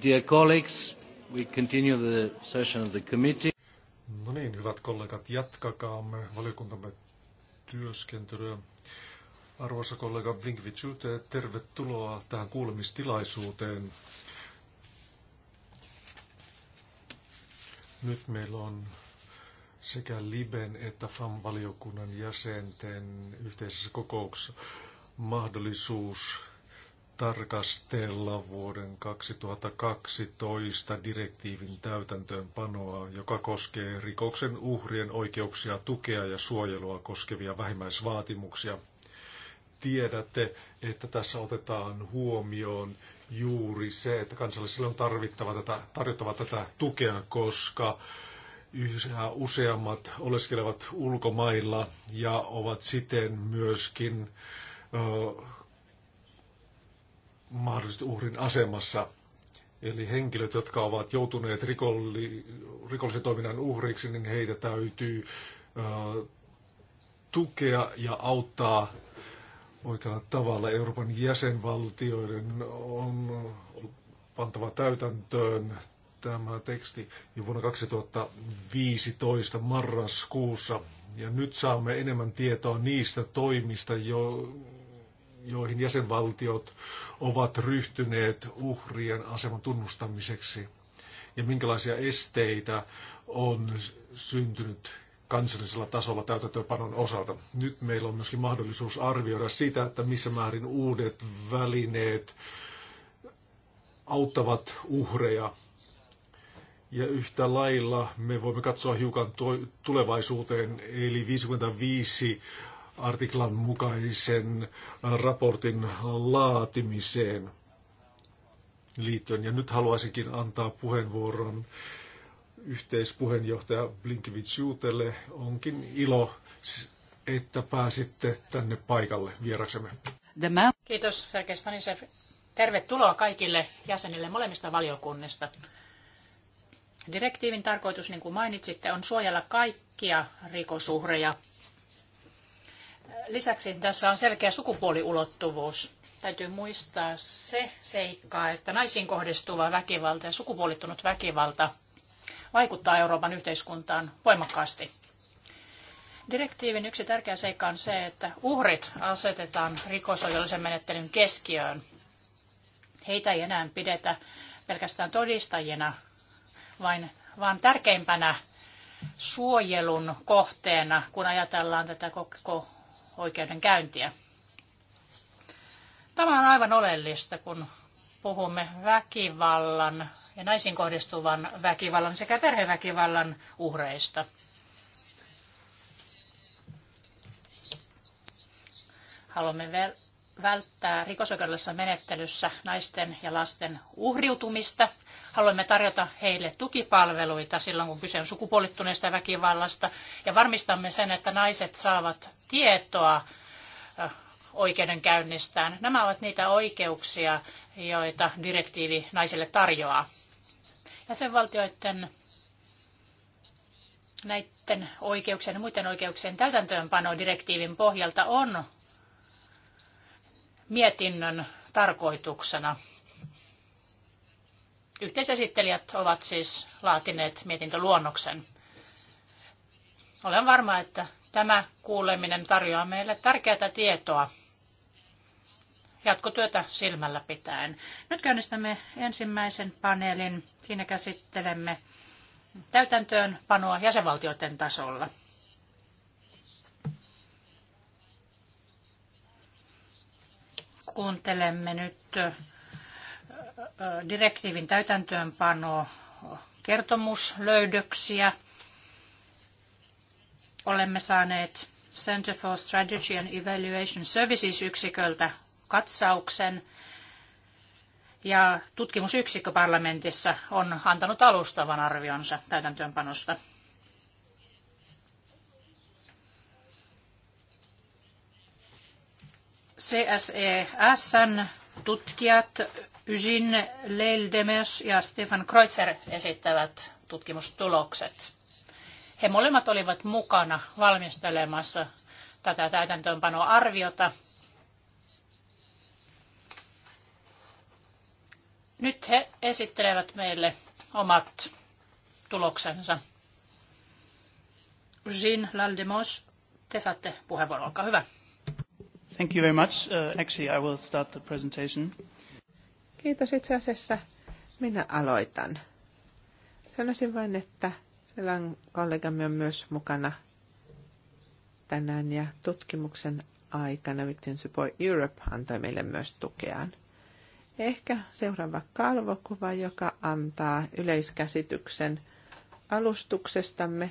Dear colleagues, we continue the session of the committee. No niin, hyvät kollegat, jatkakaamme valiokuntamme työskentelyä. Arvoisa kollega Blinkvichute, tervetuloa tähän kuulemistilaisuuteen. Nyt meillä on sekä Liben että FAM-valiokunnan jäsenten yhteisessä kokouksessa mahdollisuus tarkastella vuoden 2012 direktiivin täytäntöönpanoa, joka koskee rikoksen uhrien oikeuksia tukea ja suojelua koskevia vähimmäisvaatimuksia. Tiedätte, että tässä otetaan huomioon juuri se, että kansallisille on tarvittava tätä, tarjottava tätä tukea, koska yhä useammat oleskelevat ulkomailla ja ovat siten myöskin ö, mahdollisesti uhrin asemassa. Eli henkilöt, jotka ovat joutuneet rikolli, rikollisen toiminnan uhriksi, niin heitä täytyy ö, tukea ja auttaa oikealla tavalla. Euroopan jäsenvaltioiden on pantava täytäntöön tämä teksti jo vuonna 2015 marraskuussa. Ja nyt saamme enemmän tietoa niistä toimista, jo, joihin jäsenvaltiot ovat ryhtyneet uhrien aseman tunnustamiseksi ja minkälaisia esteitä on syntynyt kansallisella tasolla täytäntöönpanon osalta. Nyt meillä on myöskin mahdollisuus arvioida sitä, että missä määrin uudet välineet auttavat uhreja. Ja yhtä lailla me voimme katsoa hiukan tulevaisuuteen, eli 55 artiklan mukaisen raportin laatimiseen liittyen. Ja nyt haluaisinkin antaa puheenvuoron yhteispuheenjohtaja Blinkevich Juutelle. Onkin ilo, että pääsitte tänne paikalle vieraksemme. Kiitos Sergei Stanisev. Tervetuloa kaikille jäsenille molemmista valiokunnista. Direktiivin tarkoitus, niin kuin mainitsitte, on suojella kaikkia rikosuhreja – Lisäksi tässä on selkeä sukupuoliulottuvuus. Täytyy muistaa se seikka, että naisiin kohdistuva väkivalta ja sukupuolittunut väkivalta vaikuttaa Euroopan yhteiskuntaan voimakkaasti. Direktiivin yksi tärkeä seikka on se, että uhrit asetetaan rikosoikeudellisen menettelyn keskiöön. Heitä ei enää pidetä pelkästään todistajina, vain, vaan tärkeimpänä suojelun kohteena, kun ajatellaan tätä koko oikeudenkäyntiä. Tämä on aivan oleellista, kun puhumme väkivallan ja naisiin kohdistuvan väkivallan sekä perheväkivallan uhreista. Haluamme välttää rikosoikeudellisessa menettelyssä naisten ja lasten uhriutumista. Haluamme tarjota heille tukipalveluita silloin, kun kyse on sukupuolittuneesta väkivallasta, ja varmistamme sen, että naiset saavat tietoa oikeudenkäynnistään. Nämä ovat niitä oikeuksia, joita direktiivi naisille tarjoaa. Jäsenvaltioiden näiden oikeuksien ja muiden oikeuksien täytäntöönpano direktiivin pohjalta on mietinnön tarkoituksena. Yhteisesittelijät ovat siis laatineet mietintöluonnoksen. Olen varma, että Tämä kuuleminen tarjoaa meille tärkeää tietoa jatkotyötä silmällä pitäen. Nyt käynnistämme ensimmäisen paneelin. Siinä käsittelemme täytäntöönpanoa jäsenvaltioiden tasolla. Kuuntelemme nyt direktiivin täytäntöönpano kertomuslöydöksiä – olemme saaneet Center for Strategy and Evaluation Services yksiköltä katsauksen. Ja tutkimusyksikkö parlamentissa on antanut alustavan arvionsa täytäntöönpanosta. CSESn tutkijat Ysin Leildemes ja Stefan Kreutzer esittävät tutkimustulokset. He molemmat olivat mukana valmistelemassa tätä täytäntöönpanoarviota. Nyt he esittelevät meille omat tuloksensa. Jean Laldemos, te saatte puheenvuoron, olkaa hyvä. Thank you very much. Uh, actually, I will start the presentation. Kiitos itse asiassa. Minä aloitan. Sanoisin vain, että Selan kollegamme on myös mukana tänään ja tutkimuksen aikana Victim Support Europe antoi meille myös tukeaan. Ehkä seuraava kalvokuva, joka antaa yleiskäsityksen alustuksestamme,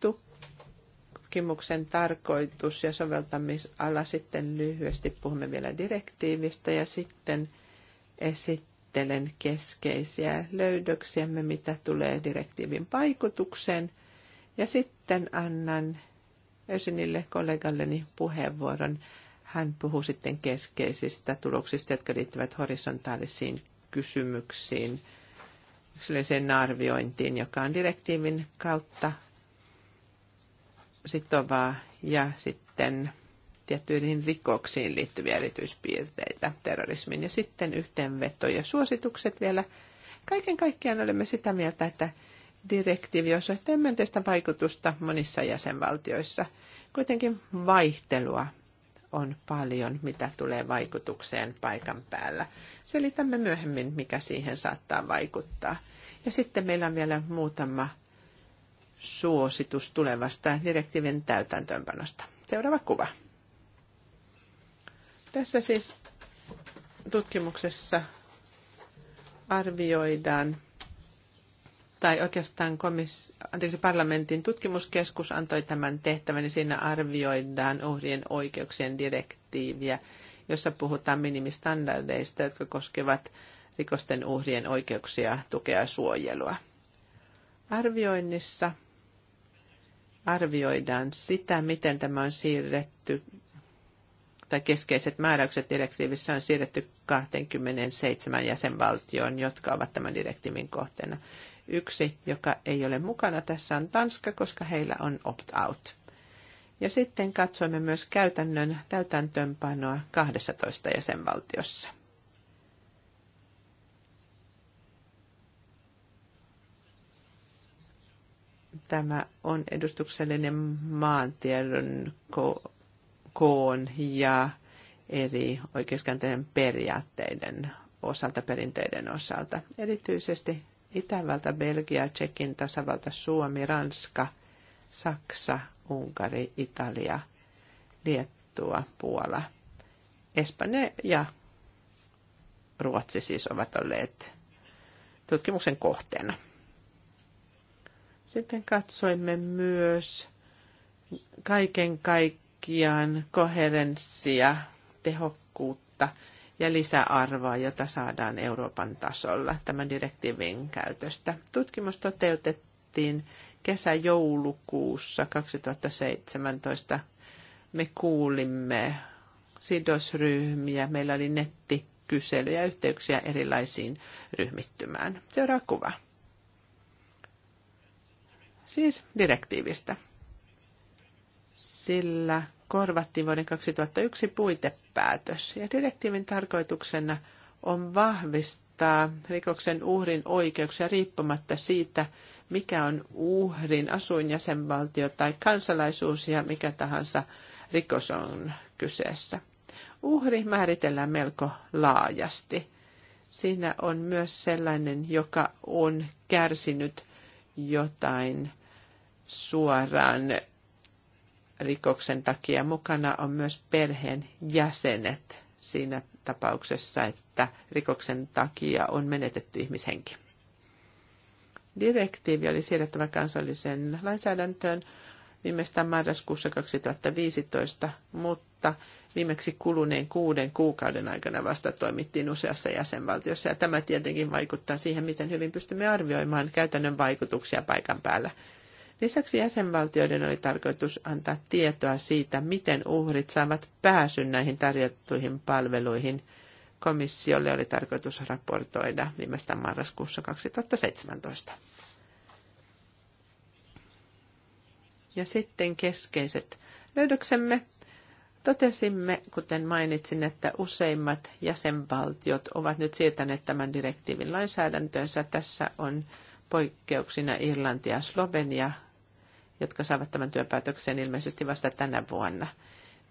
tutkimuksen tarkoitus ja soveltamisala. Sitten lyhyesti puhumme vielä direktiivistä ja sitten esittää luettelen keskeisiä löydöksiämme, mitä tulee direktiivin vaikutukseen. Ja sitten annan Ösinille kollegalleni puheenvuoron. Hän puhuu sitten keskeisistä tuloksista, jotka liittyvät horisontaalisiin kysymyksiin, yksilölliseen arviointiin, joka on direktiivin kautta sitovaa ja sitten tiettyihin rikoksiin liittyviä erityispiirteitä terrorismiin. Ja sitten yhteenveto ja suositukset vielä. Kaiken kaikkiaan olemme sitä mieltä, että direktiivi osoittaa myönteistä vaikutusta monissa jäsenvaltioissa. Kuitenkin vaihtelua on paljon, mitä tulee vaikutukseen paikan päällä. Selitämme myöhemmin, mikä siihen saattaa vaikuttaa. Ja sitten meillä on vielä muutama suositus tulevasta direktiivin täytäntöönpanosta. Seuraava kuva. Tässä siis tutkimuksessa arvioidaan, tai oikeastaan komis, anteeksi, parlamentin tutkimuskeskus antoi tämän tehtävän, niin siinä arvioidaan uhrien oikeuksien direktiiviä, jossa puhutaan minimistandardeista, jotka koskevat rikosten uhrien oikeuksia, tukea ja suojelua. Arvioinnissa arvioidaan sitä, miten tämä on siirretty tai keskeiset määräykset direktiivissä on siirretty 27 jäsenvaltioon, jotka ovat tämän direktiivin kohteena. Yksi, joka ei ole mukana tässä, on Tanska, koska heillä on opt-out. Ja sitten katsoimme myös käytännön täytäntöönpanoa 12 jäsenvaltiossa. Tämä on edustuksellinen maantiedon ko- koon ja eri oikeuskäänteiden periaatteiden osalta, perinteiden osalta. Erityisesti Itävalta, Belgia, Tsekin tasavalta, Suomi, Ranska, Saksa, Unkari, Italia, Liettua, Puola, Espanja ja Ruotsi siis ovat olleet tutkimuksen kohteena. Sitten katsoimme myös kaiken kaikkiaan kaikkiaan koherenssia, tehokkuutta ja lisäarvoa, jota saadaan Euroopan tasolla tämän direktiivin käytöstä. Tutkimus toteutettiin kesä-joulukuussa 2017. Me kuulimme sidosryhmiä, meillä oli nettikyselyjä, yhteyksiä erilaisiin ryhmittymään. Seuraava kuva. Siis direktiivistä. Sillä korvattiin vuoden 2001 puitepäätös. Ja direktiivin tarkoituksena on vahvistaa rikoksen uhrin oikeuksia riippumatta siitä, mikä on uhrin asuinjäsenvaltio tai kansalaisuus ja mikä tahansa rikos on kyseessä. Uhri määritellään melko laajasti. Siinä on myös sellainen, joka on kärsinyt jotain suoraan rikoksen takia. Mukana on myös perheen jäsenet siinä tapauksessa, että rikoksen takia on menetetty ihmishenki. Direktiivi oli siirrettävä kansalliseen lainsäädäntöön viimeistään marraskuussa 2015, mutta viimeksi kuluneen kuuden kuukauden aikana vasta toimittiin useassa jäsenvaltiossa, ja tämä tietenkin vaikuttaa siihen, miten hyvin pystymme arvioimaan käytännön vaikutuksia paikan päällä. Lisäksi jäsenvaltioiden oli tarkoitus antaa tietoa siitä, miten uhrit saavat pääsyn näihin tarjottuihin palveluihin. Komissiolle oli tarkoitus raportoida viimeistään marraskuussa 2017. Ja sitten keskeiset löydöksemme. Totesimme, kuten mainitsin, että useimmat jäsenvaltiot ovat nyt siirtäneet tämän direktiivin lainsäädäntöönsä. Tässä on poikkeuksina Irlanti ja Slovenia, jotka saavat tämän työpäätöksen ilmeisesti vasta tänä vuonna.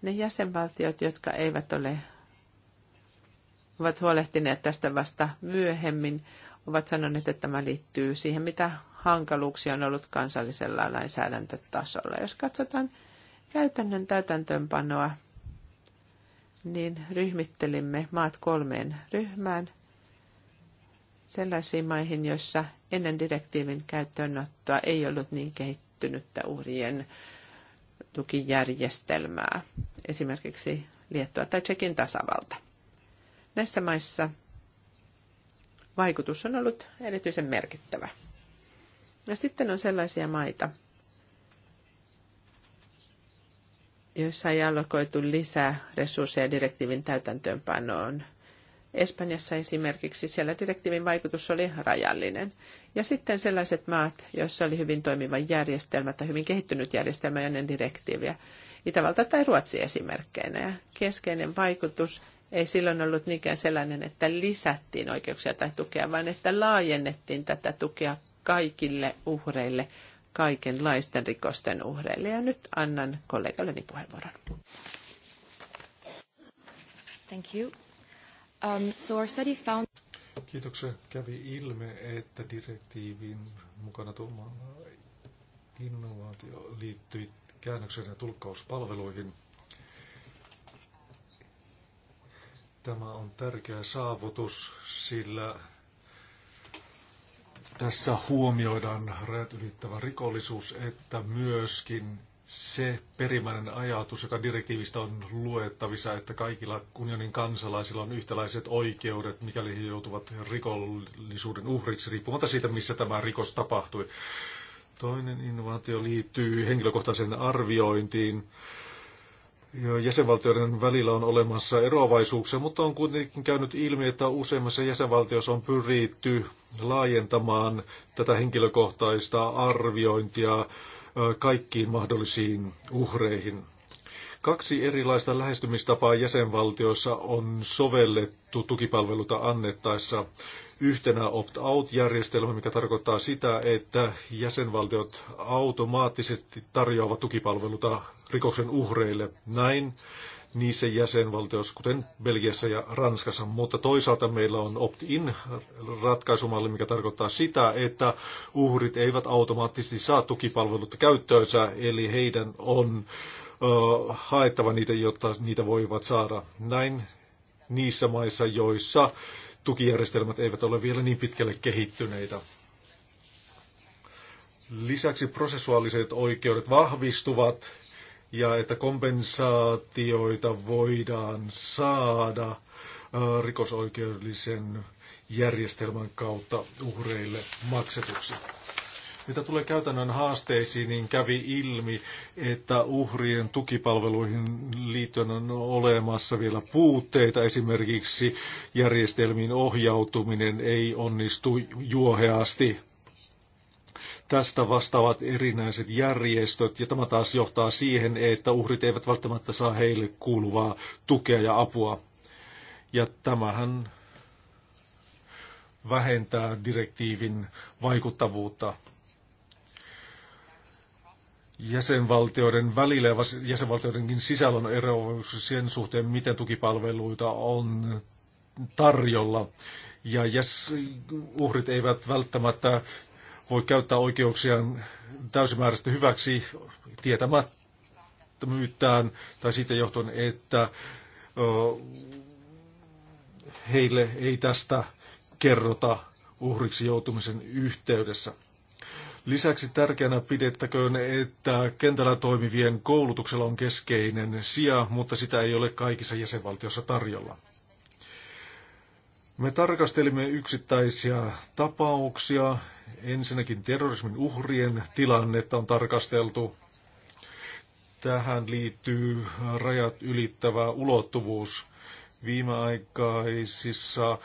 Ne jäsenvaltiot, jotka eivät ole ovat huolehtineet tästä vasta myöhemmin, ovat sanoneet, että tämä liittyy siihen, mitä hankaluuksia on ollut kansallisella lainsäädäntötasolla. Jos katsotaan käytännön täytäntöönpanoa, niin ryhmittelimme maat kolmeen ryhmään sellaisiin maihin, joissa ennen direktiivin käyttöönottoa ei ollut niin kehittynyt kehittynyttä uhrien tukijärjestelmää, esimerkiksi Liettua tai Tsekin tasavalta. Näissä maissa vaikutus on ollut erityisen merkittävä. Ja sitten on sellaisia maita, joissa ei allokoitu lisää resursseja direktiivin täytäntöönpanoon – Espanjassa esimerkiksi siellä direktiivin vaikutus oli rajallinen. Ja sitten sellaiset maat, joissa oli hyvin toimiva järjestelmä tai hyvin kehittynyt järjestelmä ennen direktiiviä, Itävalta tai Ruotsi esimerkkeinä. Ja keskeinen vaikutus ei silloin ollut niinkään sellainen, että lisättiin oikeuksia tai tukea, vaan että laajennettiin tätä tukea kaikille uhreille, kaikenlaisten rikosten uhreille. Ja nyt annan kollegalleni puheenvuoron. Thank you. Um, so our study found... Kiitoksia. Kävi ilme, että direktiivin mukana tuoma innovaatio liittyi käännöksen ja tulkkauspalveluihin. Tämä on tärkeä saavutus, sillä tässä huomioidaan rajat ylittävä rikollisuus, että myöskin se perimmäinen ajatus, joka direktiivistä on luettavissa, että kaikilla unionin kansalaisilla on yhtäläiset oikeudet, mikäli he joutuvat rikollisuuden uhriksi, riippumatta siitä, missä tämä rikos tapahtui. Toinen innovaatio liittyy henkilökohtaiseen arviointiin. Jäsenvaltioiden välillä on olemassa eroavaisuuksia, mutta on kuitenkin käynyt ilmi, että useimmissa jäsenvaltioissa on pyritty laajentamaan tätä henkilökohtaista arviointia kaikkiin mahdollisiin uhreihin. Kaksi erilaista lähestymistapaa jäsenvaltioissa on sovellettu tukipalveluita annettaessa. Yhtenä opt-out-järjestelmä, mikä tarkoittaa sitä, että jäsenvaltiot automaattisesti tarjoavat tukipalveluta rikoksen uhreille. Näin niissä jäsenvaltioissa, kuten Belgiassa ja Ranskassa, mutta toisaalta meillä on opt-in ratkaisumalli, mikä tarkoittaa sitä, että uhrit eivät automaattisesti saa tukipalveluita käyttöönsä, eli heidän on ö, haettava niitä, jotta niitä voivat saada. Näin niissä maissa, joissa tukijärjestelmät eivät ole vielä niin pitkälle kehittyneitä. Lisäksi prosessuaaliset oikeudet vahvistuvat ja että kompensaatioita voidaan saada äh, rikosoikeudellisen järjestelmän kautta uhreille maksetuksi. Mitä tulee käytännön haasteisiin, niin kävi ilmi, että uhrien tukipalveluihin liittyen on olemassa vielä puutteita. Esimerkiksi järjestelmiin ohjautuminen ei onnistu juoheasti. Tästä vastaavat erinäiset järjestöt ja tämä taas johtaa siihen, että uhrit eivät välttämättä saa heille kuuluvaa tukea ja apua. Ja tämähän vähentää direktiivin vaikuttavuutta jäsenvaltioiden välillä ja jäsenvaltioidenkin sisällä on eroavaisuus sen suhteen, miten tukipalveluita on tarjolla. Ja uhrit eivät välttämättä voi käyttää oikeuksiaan täysimääräisesti hyväksi tietämättömyyttään tai siitä johtuen, että heille ei tästä kerrota uhriksi joutumisen yhteydessä. Lisäksi tärkeänä pidettäköön, että kentällä toimivien koulutuksella on keskeinen sija, mutta sitä ei ole kaikissa jäsenvaltioissa tarjolla. Me tarkastelimme yksittäisiä tapauksia. Ensinnäkin terrorismin uhrien tilannetta on tarkasteltu. Tähän liittyy rajat ylittävä ulottuvuus. Viimeaikaisissa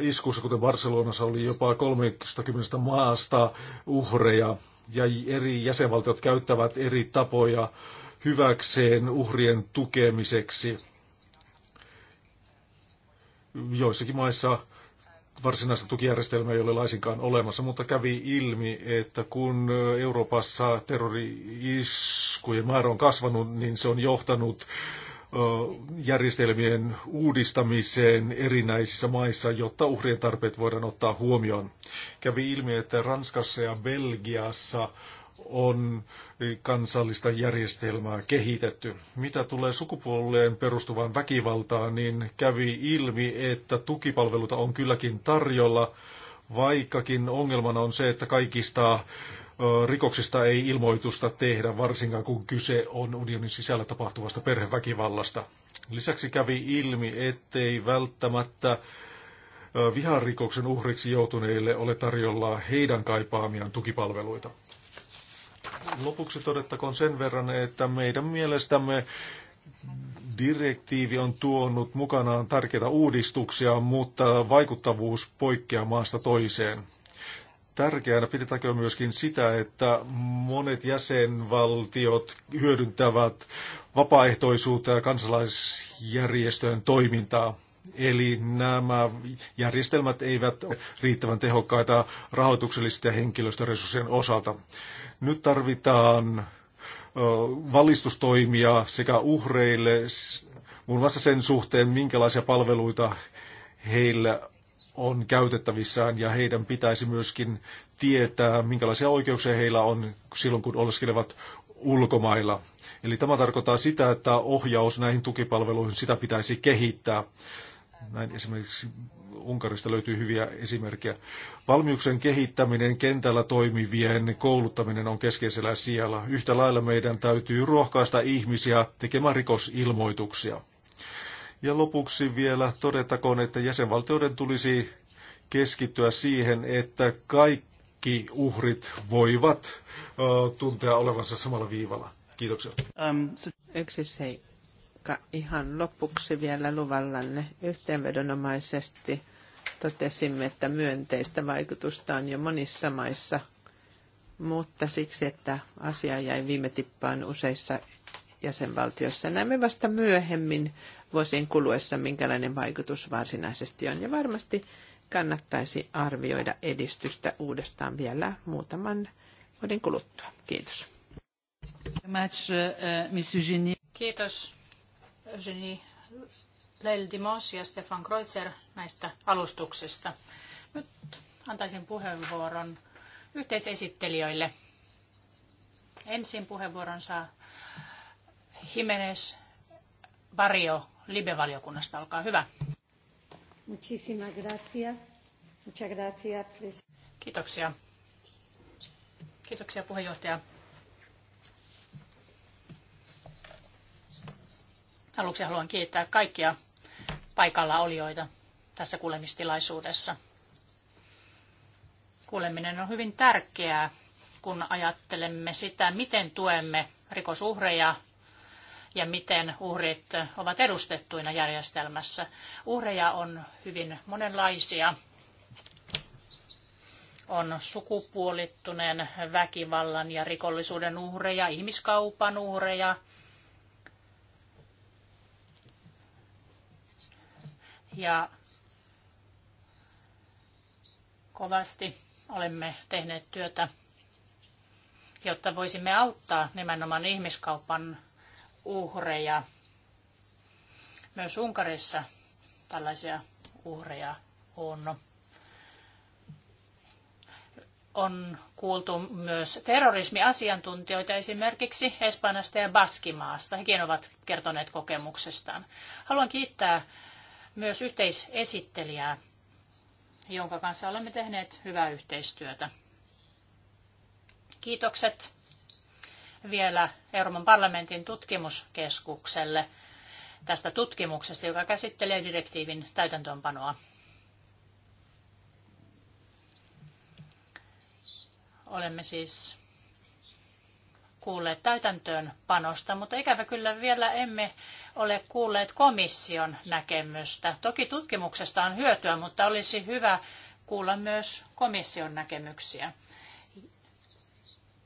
iskuissa, kuten Barcelonassa, oli jopa 30 maasta uhreja ja eri jäsenvaltiot käyttävät eri tapoja hyväkseen uhrien tukemiseksi joissakin maissa varsinaista tukijärjestelmää ei ole laisinkaan olemassa, mutta kävi ilmi, että kun Euroopassa terrori-iskujen määrä on kasvanut, niin se on johtanut järjestelmien uudistamiseen erinäisissä maissa, jotta uhrien tarpeet voidaan ottaa huomioon. Kävi ilmi, että Ranskassa ja Belgiassa on kansallista järjestelmää kehitetty. Mitä tulee sukupuoleen perustuvaan väkivaltaan, niin kävi ilmi, että tukipalveluita on kylläkin tarjolla, vaikkakin ongelmana on se, että kaikista rikoksista ei ilmoitusta tehdä, varsinkaan kun kyse on unionin sisällä tapahtuvasta perheväkivallasta. Lisäksi kävi ilmi, ettei välttämättä viharikoksen uhriksi joutuneille ole tarjolla heidän kaipaamiaan tukipalveluita. Lopuksi todettakoon sen verran, että meidän mielestämme direktiivi on tuonut mukanaan tärkeitä uudistuksia, mutta vaikuttavuus poikkeaa maasta toiseen. Tärkeänä pidetäänkö myöskin sitä, että monet jäsenvaltiot hyödyntävät vapaaehtoisuutta ja kansalaisjärjestöjen toimintaa. Eli nämä järjestelmät eivät ole riittävän tehokkaita rahoituksellisten ja henkilöstöresurssien osalta. Nyt tarvitaan valistustoimia sekä uhreille, muun muassa sen suhteen, minkälaisia palveluita heillä on käytettävissään ja heidän pitäisi myöskin tietää, minkälaisia oikeuksia heillä on silloin, kun oleskelevat ulkomailla. Eli tämä tarkoittaa sitä, että ohjaus näihin tukipalveluihin, sitä pitäisi kehittää. Näin esimerkiksi Unkarista löytyy hyviä esimerkkejä. Valmiuksen kehittäminen, kentällä toimivien kouluttaminen on keskeisellä sijalla. Yhtä lailla meidän täytyy rohkaista ihmisiä tekemään rikosilmoituksia. Ja lopuksi vielä todettakoon, että jäsenvaltioiden tulisi keskittyä siihen, että kaikki uhrit voivat tuntea olevansa samalla viivalla. Kiitoksia. Um, so... Vaikka ihan lopuksi vielä luvallanne yhteenvedonomaisesti totesimme, että myönteistä vaikutusta on jo monissa maissa, mutta siksi, että asia jäi viime tippaan useissa jäsenvaltioissa. Näemme vasta myöhemmin vuosien kuluessa, minkälainen vaikutus varsinaisesti on. Ja varmasti kannattaisi arvioida edistystä uudestaan vielä muutaman vuoden kuluttua. Kiitos. Uh, uh, Kiitos Eugenie Leil Dimos ja Stefan Kreutzer näistä alustuksista. Nyt antaisin puheenvuoron yhteisesittelijöille. Ensin puheenvuoron saa Jimenez Barrio Libe-valiokunnasta. Olkaa hyvä. Muchísimas Muchas Kiitoksia. Kiitoksia puheenjohtaja. Aluksi haluan kiittää kaikkia paikalla olijoita tässä kuulemistilaisuudessa. Kuuleminen on hyvin tärkeää, kun ajattelemme sitä, miten tuemme rikosuhreja ja miten uhrit ovat edustettuina järjestelmässä. Uhreja on hyvin monenlaisia. On sukupuolittuneen väkivallan ja rikollisuuden uhreja, ihmiskaupan uhreja, ja kovasti olemme tehneet työtä, jotta voisimme auttaa nimenomaan ihmiskaupan uhreja. Myös Unkarissa tällaisia uhreja on. On kuultu myös terrorismiasiantuntijoita esimerkiksi Espanjasta ja Baskimaasta. Hekin ovat kertoneet kokemuksestaan. Haluan kiittää myös yhteisesittelijää, jonka kanssa olemme tehneet hyvää yhteistyötä. Kiitokset vielä Euroopan parlamentin tutkimuskeskukselle tästä tutkimuksesta, joka käsittelee direktiivin täytäntöönpanoa. Olemme siis kuulleet täytäntöön panosta, mutta ikävä kyllä vielä emme ole kuulleet komission näkemystä. Toki tutkimuksesta on hyötyä, mutta olisi hyvä kuulla myös komission näkemyksiä.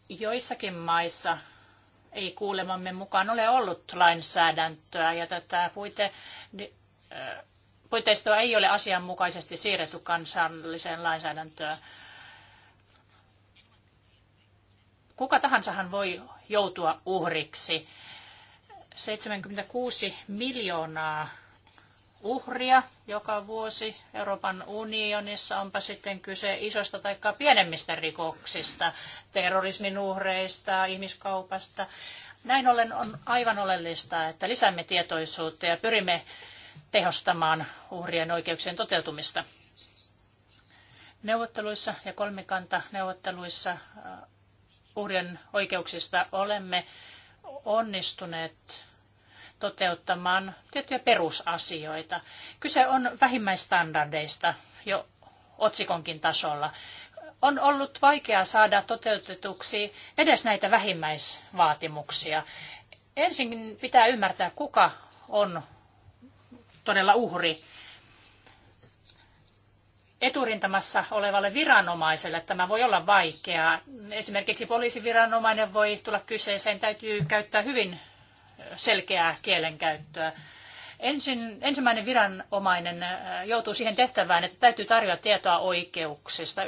Joissakin maissa ei kuulemamme mukaan ole ollut lainsäädäntöä ja tätä puite, puitteistoa ei ole asianmukaisesti siirretty kansalliseen lainsäädäntöön. Kuka tahansahan voi joutua uhriksi. 76 miljoonaa uhria joka vuosi Euroopan unionissa, onpa sitten kyse isoista tai pienemmistä rikoksista, terrorismin uhreista, ihmiskaupasta. Näin ollen on aivan oleellista, että lisäämme tietoisuutta ja pyrimme tehostamaan uhrien oikeuksien toteutumista. Neuvotteluissa ja kolmikanta neuvotteluissa uhrien oikeuksista olemme onnistuneet toteuttamaan tiettyjä perusasioita. Kyse on vähimmäistandardeista jo otsikonkin tasolla. On ollut vaikea saada toteutetuksi edes näitä vähimmäisvaatimuksia. Ensin pitää ymmärtää, kuka on todella uhri eturintamassa olevalle viranomaiselle tämä voi olla vaikeaa. Esimerkiksi poliisiviranomainen voi tulla kyseeseen, täytyy käyttää hyvin selkeää kielenkäyttöä. Ensin, ensimmäinen viranomainen äh, joutuu siihen tehtävään, että täytyy tarjota tietoa oikeuksista.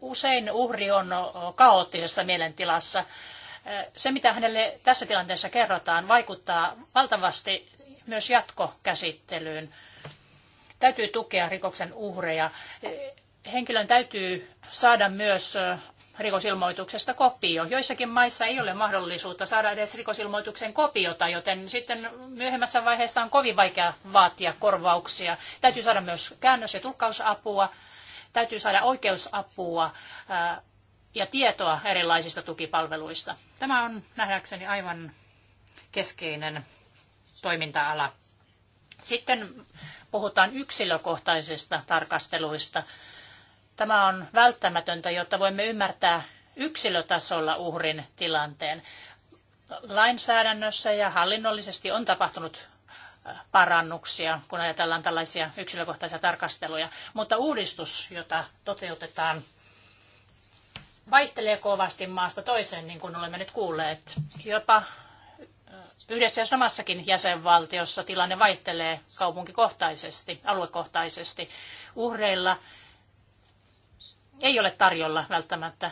Usein uhri on kaoottisessa mielentilassa. Äh, se, mitä hänelle tässä tilanteessa kerrotaan, vaikuttaa valtavasti myös jatkokäsittelyyn täytyy tukea rikoksen uhreja. Henkilön täytyy saada myös rikosilmoituksesta kopio. Joissakin maissa ei ole mahdollisuutta saada edes rikosilmoituksen kopiota, joten sitten myöhemmässä vaiheessa on kovin vaikea vaatia korvauksia. Täytyy saada myös käännös- ja tulkkausapua, täytyy saada oikeusapua ja tietoa erilaisista tukipalveluista. Tämä on nähdäkseni aivan keskeinen toiminta-ala. Sitten puhutaan yksilökohtaisista tarkasteluista. Tämä on välttämätöntä, jotta voimme ymmärtää yksilötasolla uhrin tilanteen. Lainsäädännössä ja hallinnollisesti on tapahtunut äh, parannuksia, kun ajatellaan tällaisia yksilökohtaisia tarkasteluja. Mutta uudistus, jota toteutetaan, vaihtelee kovasti maasta toiseen, niin kuin olemme nyt kuulleet. Jopa yhdessä ja samassakin jäsenvaltiossa tilanne vaihtelee kaupunkikohtaisesti, aluekohtaisesti. Uhreilla ei ole tarjolla välttämättä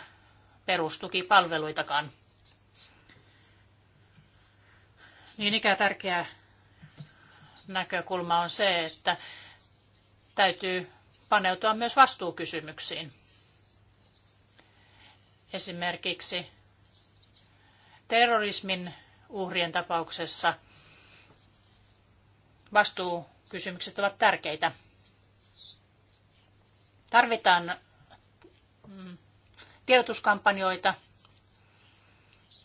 perustukipalveluitakaan. Niin ikään tärkeä näkökulma on se, että täytyy paneutua myös vastuukysymyksiin. Esimerkiksi terrorismin uhrien tapauksessa vastuukysymykset ovat tärkeitä. Tarvitaan mm, tiedotuskampanjoita,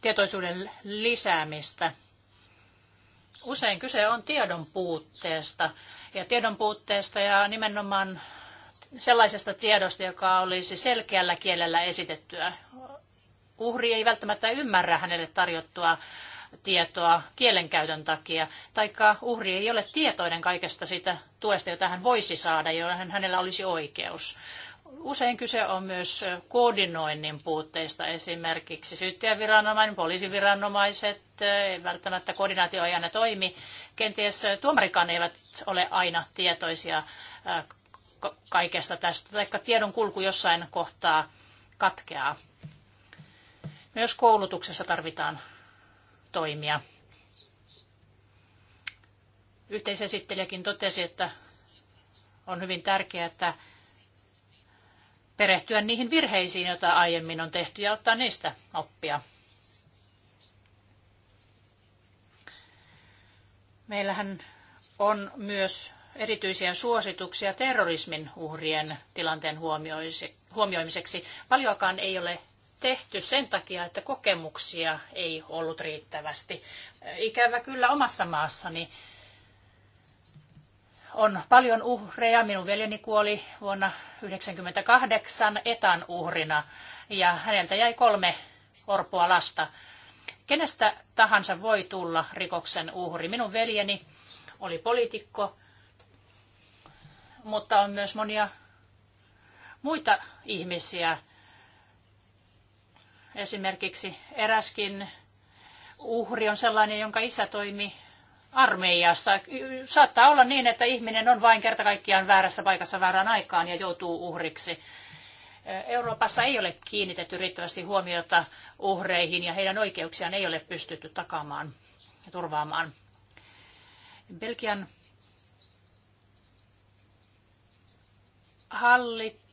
tietoisuuden lisäämistä. Usein kyse on tiedon puutteesta ja tiedon puutteesta ja nimenomaan sellaisesta tiedosta, joka olisi selkeällä kielellä esitettyä. Uhri ei välttämättä ymmärrä hänelle tarjottua tietoa kielenkäytön takia, taikka uhri ei ole tietoinen kaikesta siitä tuesta, jota hän voisi saada, johon hänellä olisi oikeus. Usein kyse on myös koordinoinnin puutteista, esimerkiksi syyttäjäviranomainen, poliisiviranomaiset, välttämättä koordinaatio ei aina toimi. Kenties tuomarikaan eivät ole aina tietoisia äh, kaikesta tästä, taikka tiedon kulku jossain kohtaa katkeaa. Myös koulutuksessa tarvitaan toimia. Yhteisesittelijäkin totesi, että on hyvin tärkeää, että perehtyä niihin virheisiin, joita aiemmin on tehty ja ottaa niistä oppia. Meillähän on myös erityisiä suosituksia terrorismin uhrien tilanteen huomioimiseksi. Paljoakaan ei ole tehty sen takia, että kokemuksia ei ollut riittävästi. Ikävä kyllä omassa maassani on paljon uhreja. Minun veljeni kuoli vuonna 1998 etan uhrina ja häneltä jäi kolme orpoa lasta. Kenestä tahansa voi tulla rikoksen uhri. Minun veljeni oli poliitikko, mutta on myös monia muita ihmisiä, Esimerkiksi eräskin uhri on sellainen, jonka isä toimi armeijassa. Saattaa olla niin, että ihminen on vain kerta kaikkiaan väärässä paikassa väärään aikaan ja joutuu uhriksi. Euroopassa ei ole kiinnitetty riittävästi huomiota uhreihin ja heidän oikeuksiaan ei ole pystytty takaamaan ja turvaamaan. Belgian hallit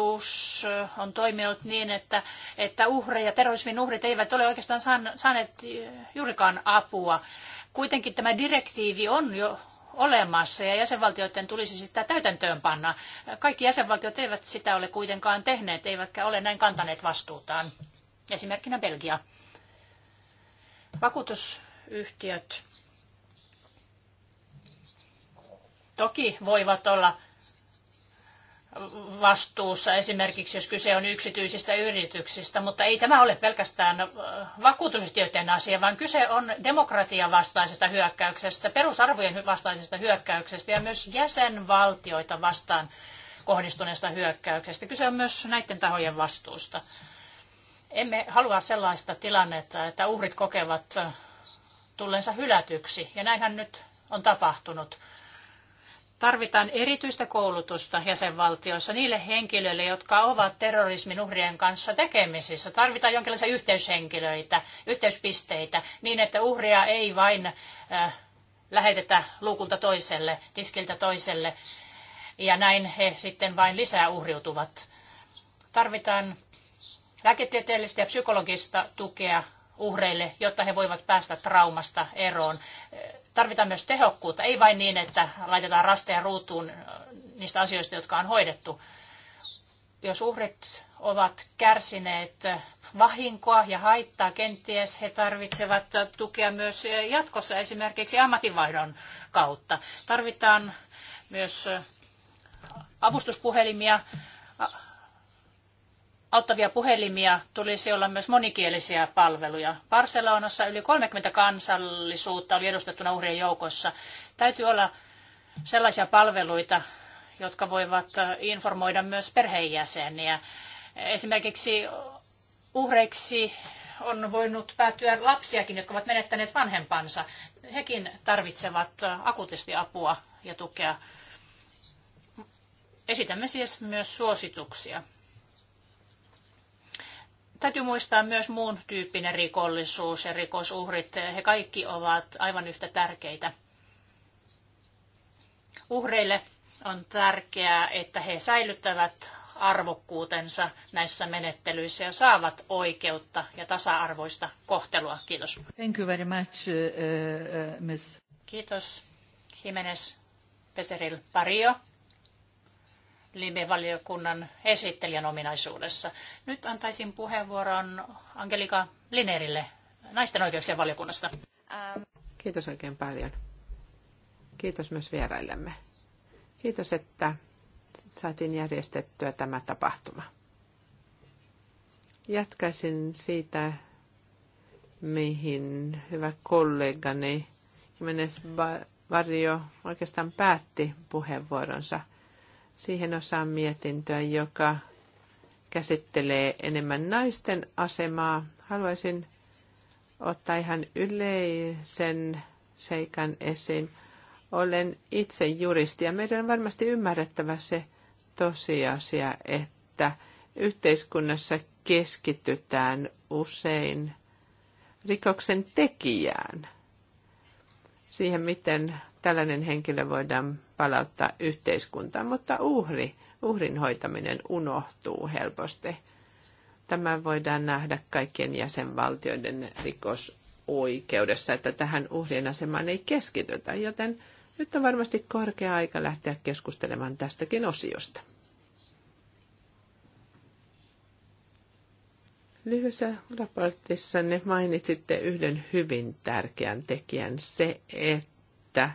hallitus eh, on toiminut niin, että, että uhreja, terrorismin uhrit eivät ole oikeastaan saaneet eh, juurikaan apua. Kuitenkin tämä direktiivi on jo olemassa ja jäsenvaltioiden tulisi sitä täytäntöön panna. Kaikki jäsenvaltiot eivät sitä ole kuitenkaan tehneet, eivätkä ole näin kantaneet vastuutaan. Esimerkkinä Belgia. Vakuutusyhtiöt toki voivat olla vastuussa, esimerkiksi jos kyse on yksityisistä yrityksistä, mutta ei tämä ole pelkästään vakuutusyhtiöiden asia, vaan kyse on demokratian vastaisesta hyökkäyksestä, perusarvojen vastaisesta hyökkäyksestä ja myös jäsenvaltioita vastaan kohdistuneesta hyökkäyksestä. Kyse on myös näiden tahojen vastuusta. Emme halua sellaista tilannetta, että uhrit kokevat tullensa hylätyksi, ja näinhän nyt on tapahtunut tarvitaan erityistä koulutusta jäsenvaltioissa niille henkilöille, jotka ovat terrorismin uhrien kanssa tekemisissä. Tarvitaan jonkinlaisia yhteyshenkilöitä, yhteyspisteitä, niin että uhria ei vain äh, lähetetä luukulta toiselle, tiskiltä toiselle, ja näin he sitten vain lisää uhriutuvat. Tarvitaan lääketieteellistä ja psykologista tukea uhreille, jotta he voivat päästä traumasta eroon. Äh, tarvitaan myös tehokkuutta, ei vain niin, että laitetaan rasteja ruutuun niistä asioista, jotka on hoidettu. Jos uhrit ovat kärsineet vahinkoa ja haittaa, kenties he tarvitsevat tukea myös jatkossa esimerkiksi ammatinvaihdon kautta. Tarvitaan myös avustuspuhelimia, auttavia puhelimia tulisi olla myös monikielisiä palveluja. Barcelonassa yli 30 kansallisuutta oli edustettuna uhrien joukossa. Täytyy olla sellaisia palveluita, jotka voivat informoida myös perheenjäseniä. Esimerkiksi uhreiksi on voinut päätyä lapsiakin, jotka ovat menettäneet vanhempansa. Hekin tarvitsevat akuutisti apua ja tukea. Esitämme siis myös suosituksia. Täytyy muistaa myös muun tyyppinen rikollisuus ja rikosuhrit. He kaikki ovat aivan yhtä tärkeitä. Uhreille on tärkeää, että he säilyttävät arvokkuutensa näissä menettelyissä ja saavat oikeutta ja tasa-arvoista kohtelua. Kiitos. Thank you very much, uh, uh, uh miss. Kiitos, Jimenez Peseril Pario. Libe-valiokunnan esittelijän ominaisuudessa. Nyt antaisin puheenvuoron Angelika Linerille naisten oikeuksien valiokunnasta. Ähm. Kiitos oikein paljon. Kiitos myös vieraillemme. Kiitos, että saatiin järjestettyä tämä tapahtuma. Jatkaisin siitä, mihin hyvä kollegani Jimenez Varjo oikeastaan päätti puheenvuoronsa – siihen osaan mietintöä, joka käsittelee enemmän naisten asemaa. Haluaisin ottaa ihan yleisen seikan esiin. Olen itse juristi ja meidän on varmasti ymmärrettävä se tosiasia, että yhteiskunnassa keskitytään usein rikoksen tekijään, siihen miten tällainen henkilö voidaan palauttaa yhteiskuntaan, mutta uhri, uhrin hoitaminen unohtuu helposti. Tämä voidaan nähdä kaikkien jäsenvaltioiden rikosoikeudessa, että tähän uhrien asemaan ei keskitytä, joten nyt on varmasti korkea aika lähteä keskustelemaan tästäkin osiosta. Lyhyessä raportissanne mainitsitte yhden hyvin tärkeän tekijän, se, että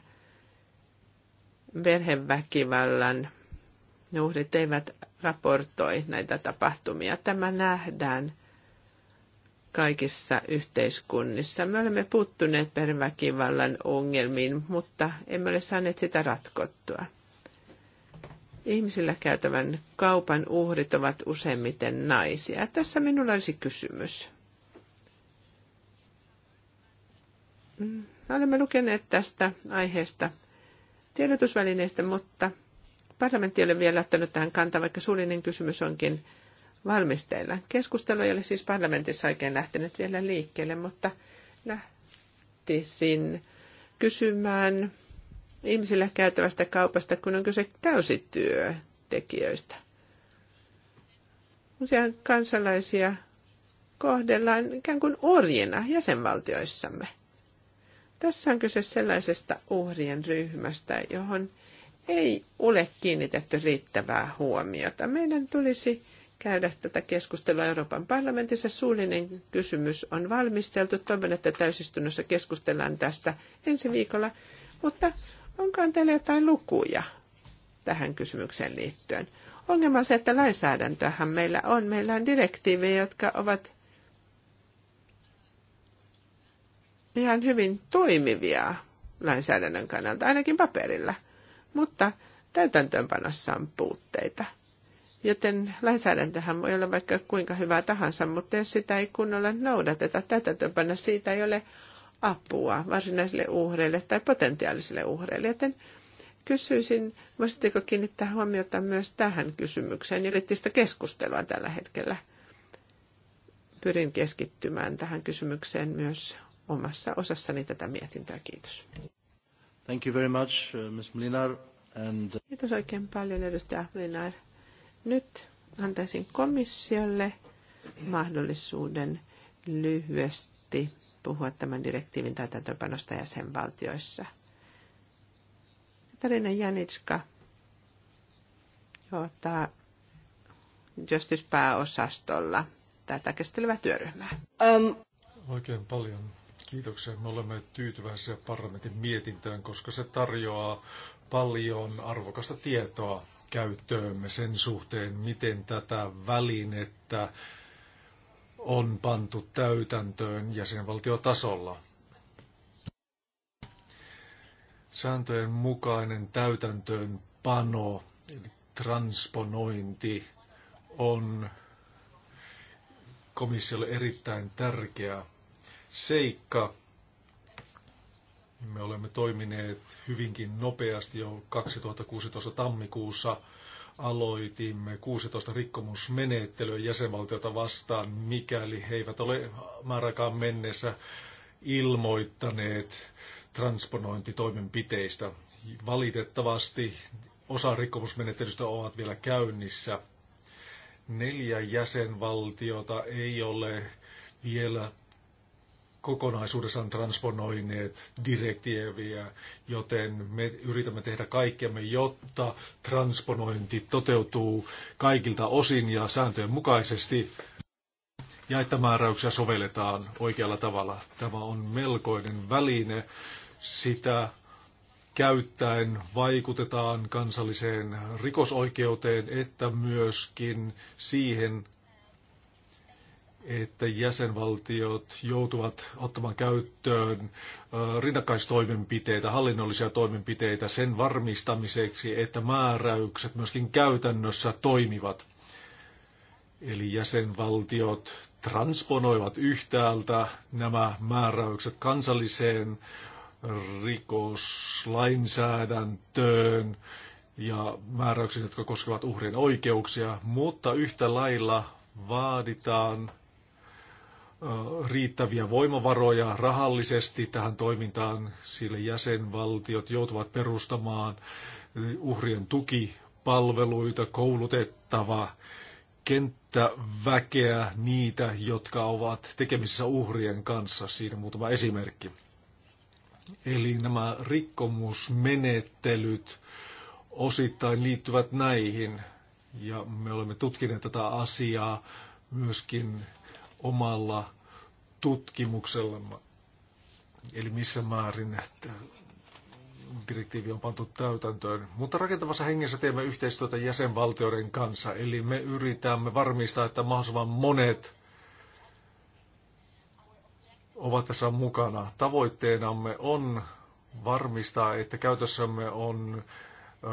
perheväkivallan uhrit eivät raportoi näitä tapahtumia. Tämä nähdään kaikissa yhteiskunnissa. Me olemme puuttuneet perheväkivallan ongelmiin, mutta emme ole saaneet sitä ratkottua. Ihmisillä käytävän kaupan uhrit ovat useimmiten naisia. Tässä minulla olisi kysymys. Mm, olemme lukeneet tästä aiheesta tiedotusvälineistä, mutta parlamentti ei ole vielä ottanut tähän kantaa, vaikka suullinen kysymys onkin valmisteilla. Keskustelu ei ole siis parlamentissa oikein lähtenyt vielä liikkeelle, mutta lähtisin kysymään ihmisillä käytävästä kaupasta, kun on kyse täysityötekijöistä. Usein kansalaisia kohdellaan ikään kuin orjina jäsenvaltioissamme – tässä on kyse sellaisesta uhrien ryhmästä, johon ei ole kiinnitetty riittävää huomiota. Meidän tulisi käydä tätä keskustelua Euroopan parlamentissa. Suullinen kysymys on valmisteltu. Toivon, että täysistunnossa keskustellaan tästä ensi viikolla. Mutta onkaan teillä jotain lukuja tähän kysymykseen liittyen? Ongelma on se, että lainsäädäntöhän meillä on. Meillä on direktiivejä, jotka ovat ihan hyvin toimivia lainsäädännön kannalta, ainakin paperilla. Mutta täytäntöönpanossa on puutteita. Joten lainsäädäntöhän voi olla vaikka kuinka hyvää tahansa, mutta jos sitä ei kunnolla noudateta täytäntöönpano, siitä ei ole apua varsinaisille uhreille tai potentiaalisille uhreille. Joten kysyisin, voisitteko kiinnittää huomiota myös tähän kysymykseen ja liittistä keskustelua tällä hetkellä. Pyrin keskittymään tähän kysymykseen myös omassa osassani tätä mietintää. Kiitos. Thank you very much, uh, Ms. Mlinar. And... Uh, Kiitos oikein paljon, edustaja Mlinar. Nyt antaisin komissiolle mahdollisuuden lyhyesti puhua tämän direktiivin täytäntöönpanosta jäsenvaltioissa. Katarina Janitska jota Justice-pääosastolla tätä käsittelevää työryhmää. Um. Oikein paljon Kiitoksia. Me olemme tyytyväisiä parlamentin mietintöön, koska se tarjoaa paljon arvokasta tietoa käyttöömme sen suhteen, miten tätä välinettä on pantu täytäntöön jäsenvaltiotasolla. Sääntöjen mukainen täytäntöönpano, eli transponointi, on komissiolle erittäin tärkeä seikka. Me olemme toimineet hyvinkin nopeasti jo 2016 tammikuussa. Aloitimme 16 rikkomusmenettelyä jäsenvaltiota vastaan, mikäli he eivät ole määräkaan mennessä ilmoittaneet transponointitoimenpiteistä. Valitettavasti osa rikkomusmenettelystä ovat vielä käynnissä. Neljä jäsenvaltiota ei ole vielä kokonaisuudessaan transponoineet direktiiviä, joten me yritämme tehdä kaikkemme, jotta transponointi toteutuu kaikilta osin ja sääntöjen mukaisesti ja että määräyksiä sovelletaan oikealla tavalla. Tämä on melkoinen väline. Sitä käyttäen vaikutetaan kansalliseen rikosoikeuteen, että myöskin siihen että jäsenvaltiot joutuvat ottamaan käyttöön äh, rinnakkaistoimenpiteitä, hallinnollisia toimenpiteitä sen varmistamiseksi, että määräykset myöskin käytännössä toimivat. Eli jäsenvaltiot transponoivat yhtäältä nämä määräykset kansalliseen rikoslainsäädäntöön ja määräyksiin, jotka koskevat uhrien oikeuksia, mutta yhtä lailla vaaditaan riittäviä voimavaroja rahallisesti tähän toimintaan, sillä jäsenvaltiot joutuvat perustamaan uhrien tukipalveluita, koulutettava kenttäväkeä, niitä, jotka ovat tekemisissä uhrien kanssa. Siinä muutama esimerkki. Eli nämä rikkomusmenettelyt osittain liittyvät näihin, ja me olemme tutkineet tätä asiaa myöskin omalla tutkimuksellamme. Eli missä määrin direktiivi on pantu täytäntöön. Mutta rakentavassa hengessä teemme yhteistyötä jäsenvaltioiden kanssa. Eli me yritämme varmistaa, että mahdollisimman monet ovat tässä mukana. Tavoitteenamme on varmistaa, että käytössämme on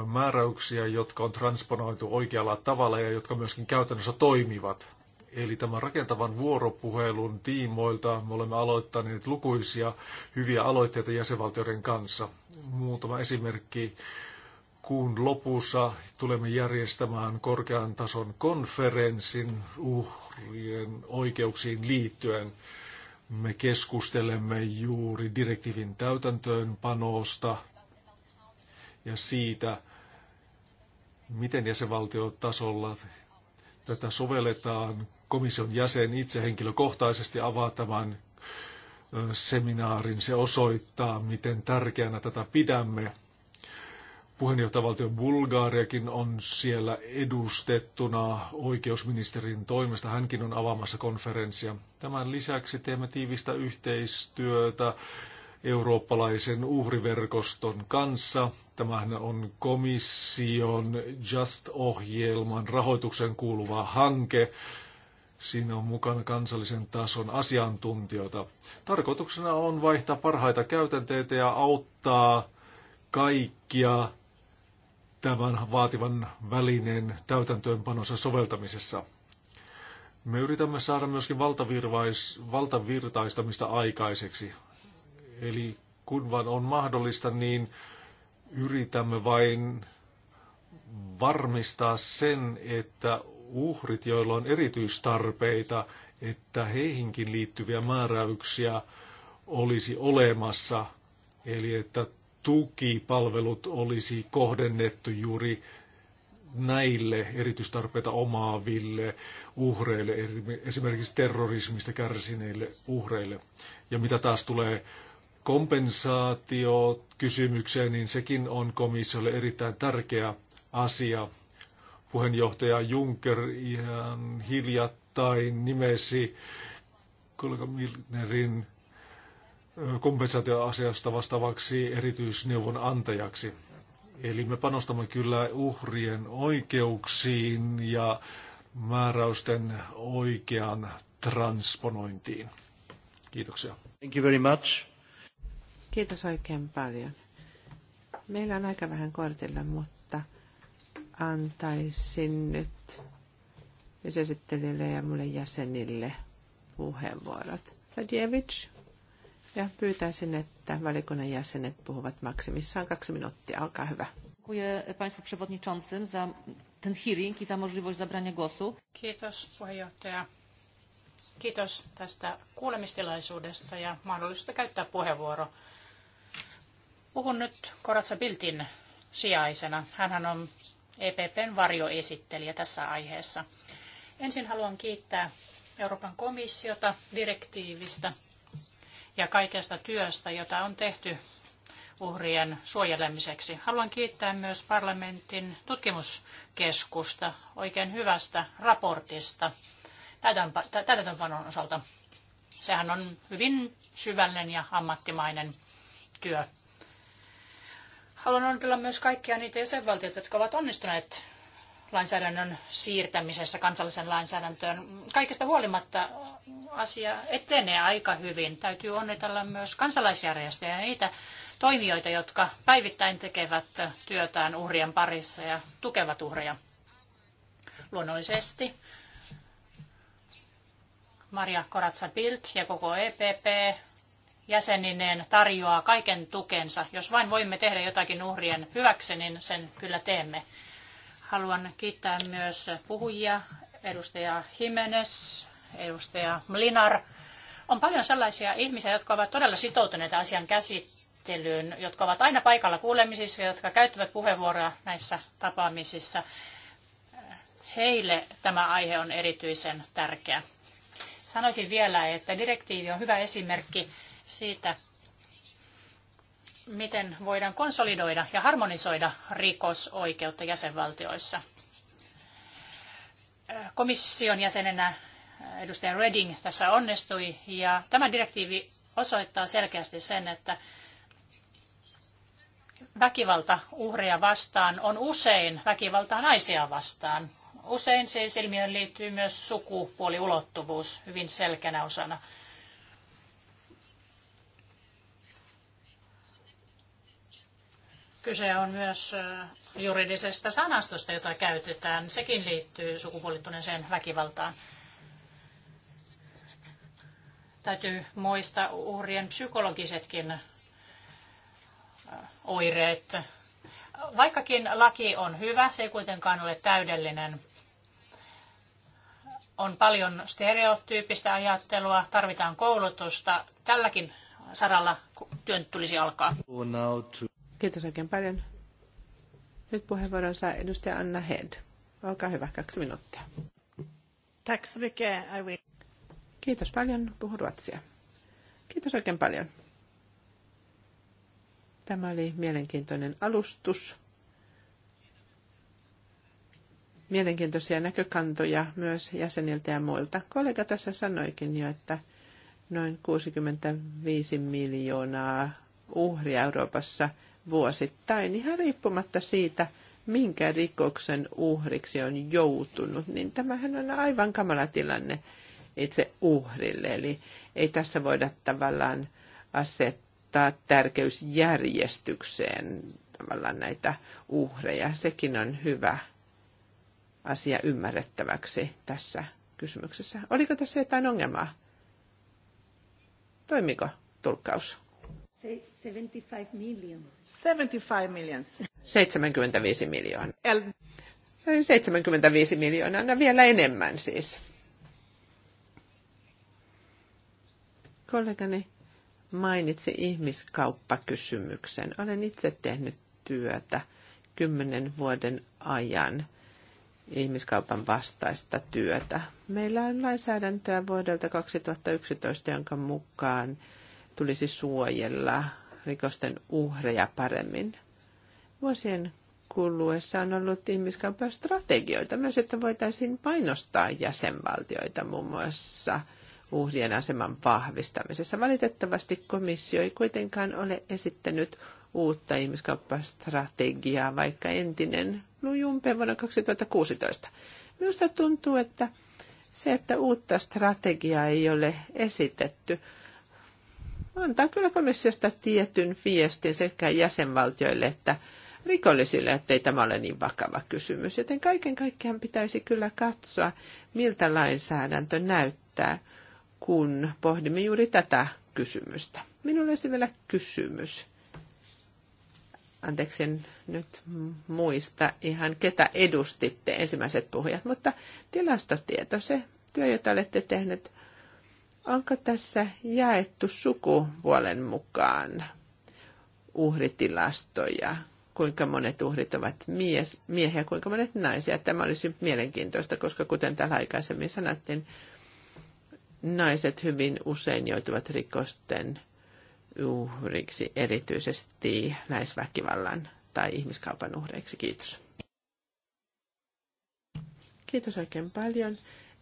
määräyksiä, jotka on transponoitu oikealla tavalla ja jotka myöskin käytännössä toimivat. Eli tämän rakentavan vuoropuhelun tiimoilta me olemme aloittaneet lukuisia hyviä aloitteita jäsenvaltioiden kanssa. Muutama esimerkki. Kuun lopussa tulemme järjestämään korkean tason konferenssin uhrien oikeuksiin liittyen. Me keskustelemme juuri direktiivin täytäntöönpanosta ja siitä, miten jäsenvaltiotasolla tätä sovelletaan, komission jäsen itse henkilökohtaisesti avaa tämän seminaarin. Se osoittaa, miten tärkeänä tätä pidämme. Puheenjohtajavaltio Bulgaariakin on siellä edustettuna oikeusministerin toimesta. Hänkin on avaamassa konferenssia. Tämän lisäksi teemme tiivistä yhteistyötä eurooppalaisen uhriverkoston kanssa. Tämähän on komission Just-ohjelman rahoituksen kuuluva hanke. Sinne on mukana kansallisen tason asiantuntijoita. Tarkoituksena on vaihtaa parhaita käytänteitä ja auttaa kaikkia tämän vaativan välineen täytäntöönpanossa soveltamisessa. Me yritämme saada myöskin valtavirvais, valtavirtaistamista aikaiseksi. Eli kun vaan on mahdollista, niin yritämme vain varmistaa sen, että uhrit, joilla on erityistarpeita, että heihinkin liittyviä määräyksiä olisi olemassa, eli että tukipalvelut olisi kohdennettu juuri näille erityistarpeita omaaville uhreille, esimerkiksi terrorismista kärsineille uhreille. Ja mitä taas tulee kompensaatio kysymykseen, niin sekin on komissiolle erittäin tärkeä asia puheenjohtaja Juncker ihan hiljattain nimesi kollega Milnerin kompensaatioasiasta vastaavaksi erityisneuvon antajaksi. Eli me panostamme kyllä uhrien oikeuksiin ja määräysten oikeaan transponointiin. Kiitoksia. Thank you very much. Kiitos oikein paljon. Meillä on aika vähän kortilla, mutta antaisin nyt esittelijälle ja mulle jäsenille puheenvuorot. Radievich, ja pyytäisin, että valikunnan jäsenet puhuvat maksimissaan kaksi minuuttia. Olkaa hyvä. Kiitos puheenjohtaja. Kiitos tästä kuulemistilaisuudesta ja mahdollisuudesta käyttää puheenvuoro. Puhun nyt Koratsa Biltin sijaisena. Hänhän on EPPn varjoesittelijä tässä aiheessa. Ensin haluan kiittää Euroopan komissiota direktiivistä ja kaikesta työstä, jota on tehty uhrien suojelemiseksi. Haluan kiittää myös parlamentin tutkimuskeskusta oikein hyvästä raportista täytäntöönpanon osalta. Sehän on hyvin syvällinen ja ammattimainen työ. Haluan onnitella myös kaikkia niitä jäsenvaltioita, jotka ovat onnistuneet lainsäädännön siirtämisessä kansallisen lainsäädäntöön. Kaikesta huolimatta asia etenee aika hyvin. Täytyy onnitella myös kansalaisjärjestöjä ja niitä toimijoita, jotka päivittäin tekevät työtään uhrien parissa ja tukevat uhreja. Luonnollisesti Maria Koratsa-Bilt ja koko EPP jäsenineen tarjoaa kaiken tukensa. Jos vain voimme tehdä jotakin uhrien hyväksi, niin sen kyllä teemme. Haluan kiittää myös puhujia, edustaja Jimenez, edustaja Mlinar. On paljon sellaisia ihmisiä, jotka ovat todella sitoutuneita asian käsittelyyn, jotka ovat aina paikalla kuulemisissa, jotka käyttävät puheenvuoroja näissä tapaamisissa. Heille tämä aihe on erityisen tärkeä. Sanoisin vielä, että direktiivi on hyvä esimerkki siitä, miten voidaan konsolidoida ja harmonisoida rikosoikeutta jäsenvaltioissa. Komission jäsenenä edustaja Reding tässä onnistui ja tämä direktiivi osoittaa selkeästi sen, että väkivalta uhreja vastaan on usein väkivaltaa naisia vastaan. Usein siis ilmiöön liittyy myös sukupuoliulottuvuus hyvin selkeänä osana. Kyse on myös juridisesta sanastosta, jota käytetään. Sekin liittyy sukupuolittuneeseen väkivaltaan. Täytyy muistaa uhrien psykologisetkin oireet. Vaikkakin laki on hyvä, se ei kuitenkaan ole täydellinen. On paljon stereotyyppistä ajattelua, tarvitaan koulutusta. Tälläkin saralla työn tulisi alkaa. Kiitos oikein paljon. Nyt puheenvuoron saa edustaja Anna Head. Olkaa hyvä, kaksi minuuttia. I will. Kiitos paljon. Puhun ruotsia. Kiitos oikein paljon. Tämä oli mielenkiintoinen alustus. Mielenkiintoisia näkökantoja myös jäseniltä ja muilta. Kollega tässä sanoikin jo, että noin 65 miljoonaa uhria Euroopassa – vuosittain ihan riippumatta siitä, minkä rikoksen uhriksi on joutunut, niin tämähän on aivan kamala tilanne itse uhrille. Eli ei tässä voida tavallaan asettaa tärkeysjärjestykseen tavallaan näitä uhreja. Sekin on hyvä asia ymmärrettäväksi tässä kysymyksessä. Oliko tässä jotain ongelmaa? Toimiko tulkkaus? 75 millions. 75 75 miljoonaa. 75 miljoonaa, no vielä enemmän siis. Kollegani mainitsi ihmiskauppakysymyksen. Olen itse tehnyt työtä kymmenen vuoden ajan ihmiskaupan vastaista työtä. Meillä on lainsäädäntöä vuodelta 2011, jonka mukaan tulisi suojella rikosten uhreja paremmin. Vuosien kuluessa on ollut ihmiskaupan strategioita myös, että voitaisiin painostaa jäsenvaltioita muun muassa uhrien aseman vahvistamisessa. Valitettavasti komissio ei kuitenkaan ole esittänyt uutta ihmiskauppastrategiaa, vaikka entinen lujumpe vuonna 2016. Minusta tuntuu, että se, että uutta strategiaa ei ole esitetty, antaa kyllä komissiosta tietyn viestin sekä jäsenvaltioille että rikollisille, ettei tämä ole niin vakava kysymys. Joten kaiken kaikkiaan pitäisi kyllä katsoa, miltä lainsäädäntö näyttää, kun pohdimme juuri tätä kysymystä. Minulla olisi vielä kysymys. Anteeksi, en nyt muista ihan ketä edustitte ensimmäiset puhujat, mutta tilastotieto, se työ, jota olette tehneet Onko tässä jaettu sukupuolen mukaan uhritilastoja? Kuinka monet uhrit ovat mies, miehiä, kuinka monet naisia? Tämä olisi mielenkiintoista, koska kuten täällä aikaisemmin sanottiin, naiset hyvin usein joutuvat rikosten uhriksi, erityisesti naisväkivallan tai ihmiskaupan uhreiksi. Kiitos. Kiitos oikein paljon.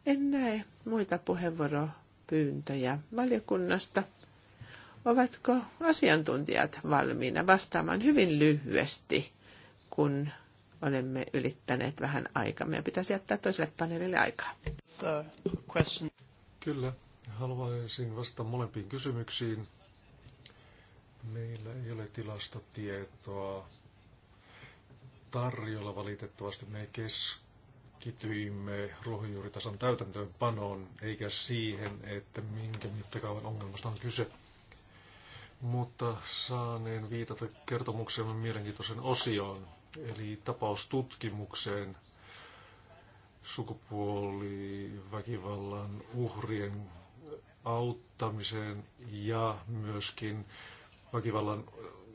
En näe muita puheenvuoroja pyyntöjä valiokunnasta. Ovatko asiantuntijat valmiina vastaamaan hyvin lyhyesti, kun olemme ylittäneet vähän aikaa. Meidän pitäisi jättää toiselle paneelille aikaa. Kyllä, haluaisin vastata molempiin kysymyksiin. Meillä ei ole tilastotietoa tarjolla valitettavasti. Me kes- keskityimme ruohonjuuritason täytäntöönpanoon, eikä siihen, että minkä mittakaavan ongelmasta on kyse. Mutta saaneen viitata kertomuksemme mielenkiintoisen osioon, eli tapaustutkimukseen sukupuoliväkivallan uhrien auttamiseen ja myöskin väkivallan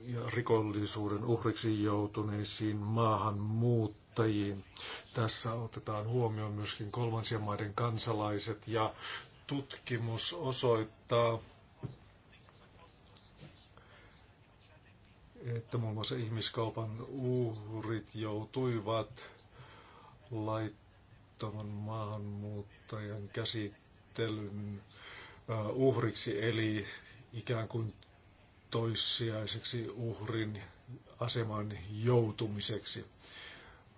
ja rikollisuuden uhriksi joutuneisiin maahanmuuttajien kuluttajiin. Tässä otetaan huomioon myöskin kolmansien maiden kansalaiset ja tutkimus osoittaa, että muun muassa ihmiskaupan uhrit joutuivat laittoman maahanmuuttajan käsittelyn äh, uhriksi, eli ikään kuin toissijaiseksi uhrin aseman joutumiseksi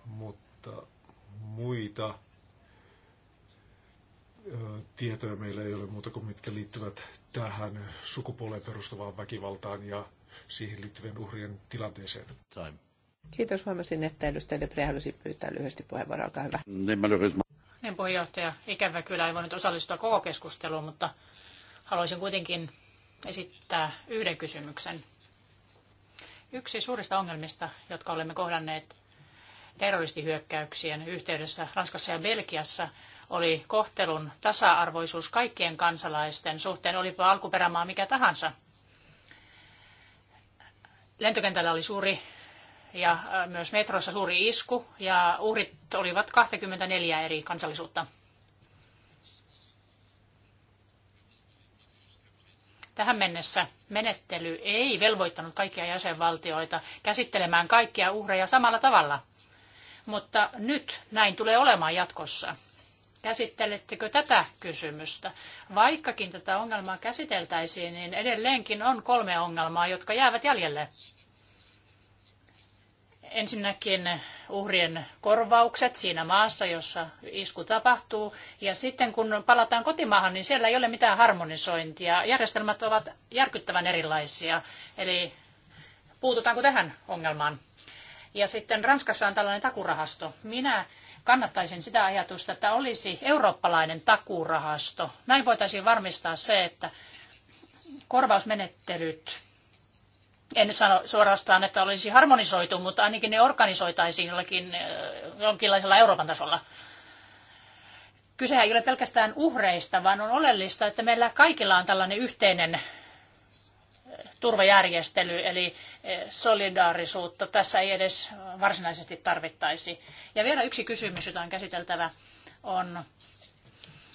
mutta muita tietoja meillä ei ole muuta kuin mitkä liittyvät tähän sukupuoleen perustuvaan väkivaltaan ja siihen liittyvien uhrien tilanteeseen. Time. Kiitos. Huomasin, että edustaja Debre halusi pyytää lyhyesti puheenvuoroa. Olkaa hyvä. Niin, puheenjohtaja. Ikävä kyllä ei voinut osallistua koko keskusteluun, mutta haluaisin kuitenkin esittää yhden kysymyksen. Yksi suurista ongelmista, jotka olemme kohdanneet terroristihyökkäyksien yhteydessä Ranskassa ja Belgiassa oli kohtelun tasa-arvoisuus kaikkien kansalaisten suhteen, olipa alkuperämaa mikä tahansa. Lentokentällä oli suuri ja äh, myös metrossa suuri isku ja uhrit olivat 24 eri kansallisuutta. Tähän mennessä menettely ei velvoittanut kaikkia jäsenvaltioita käsittelemään kaikkia uhreja samalla tavalla – mutta nyt näin tulee olemaan jatkossa. Käsittelettekö tätä kysymystä? Vaikkakin tätä ongelmaa käsiteltäisiin, niin edelleenkin on kolme ongelmaa, jotka jäävät jäljelle. Ensinnäkin uhrien korvaukset siinä maassa, jossa isku tapahtuu. Ja sitten kun palataan kotimaahan, niin siellä ei ole mitään harmonisointia. Järjestelmät ovat järkyttävän erilaisia. Eli puututaanko tähän ongelmaan? Ja sitten Ranskassa on tällainen takurahasto. Minä kannattaisin sitä ajatusta, että olisi eurooppalainen takurahasto. Näin voitaisiin varmistaa se, että korvausmenettelyt, en nyt sano suorastaan, että olisi harmonisoitu, mutta ainakin ne organisoitaisiin jollakin, jonkinlaisella Euroopan tasolla. Kysehän ei ole pelkästään uhreista, vaan on oleellista, että meillä kaikilla on tällainen yhteinen turvajärjestely, eli eh, solidaarisuutta tässä ei edes varsinaisesti tarvittaisi. Ja vielä yksi kysymys, jota on käsiteltävä, on,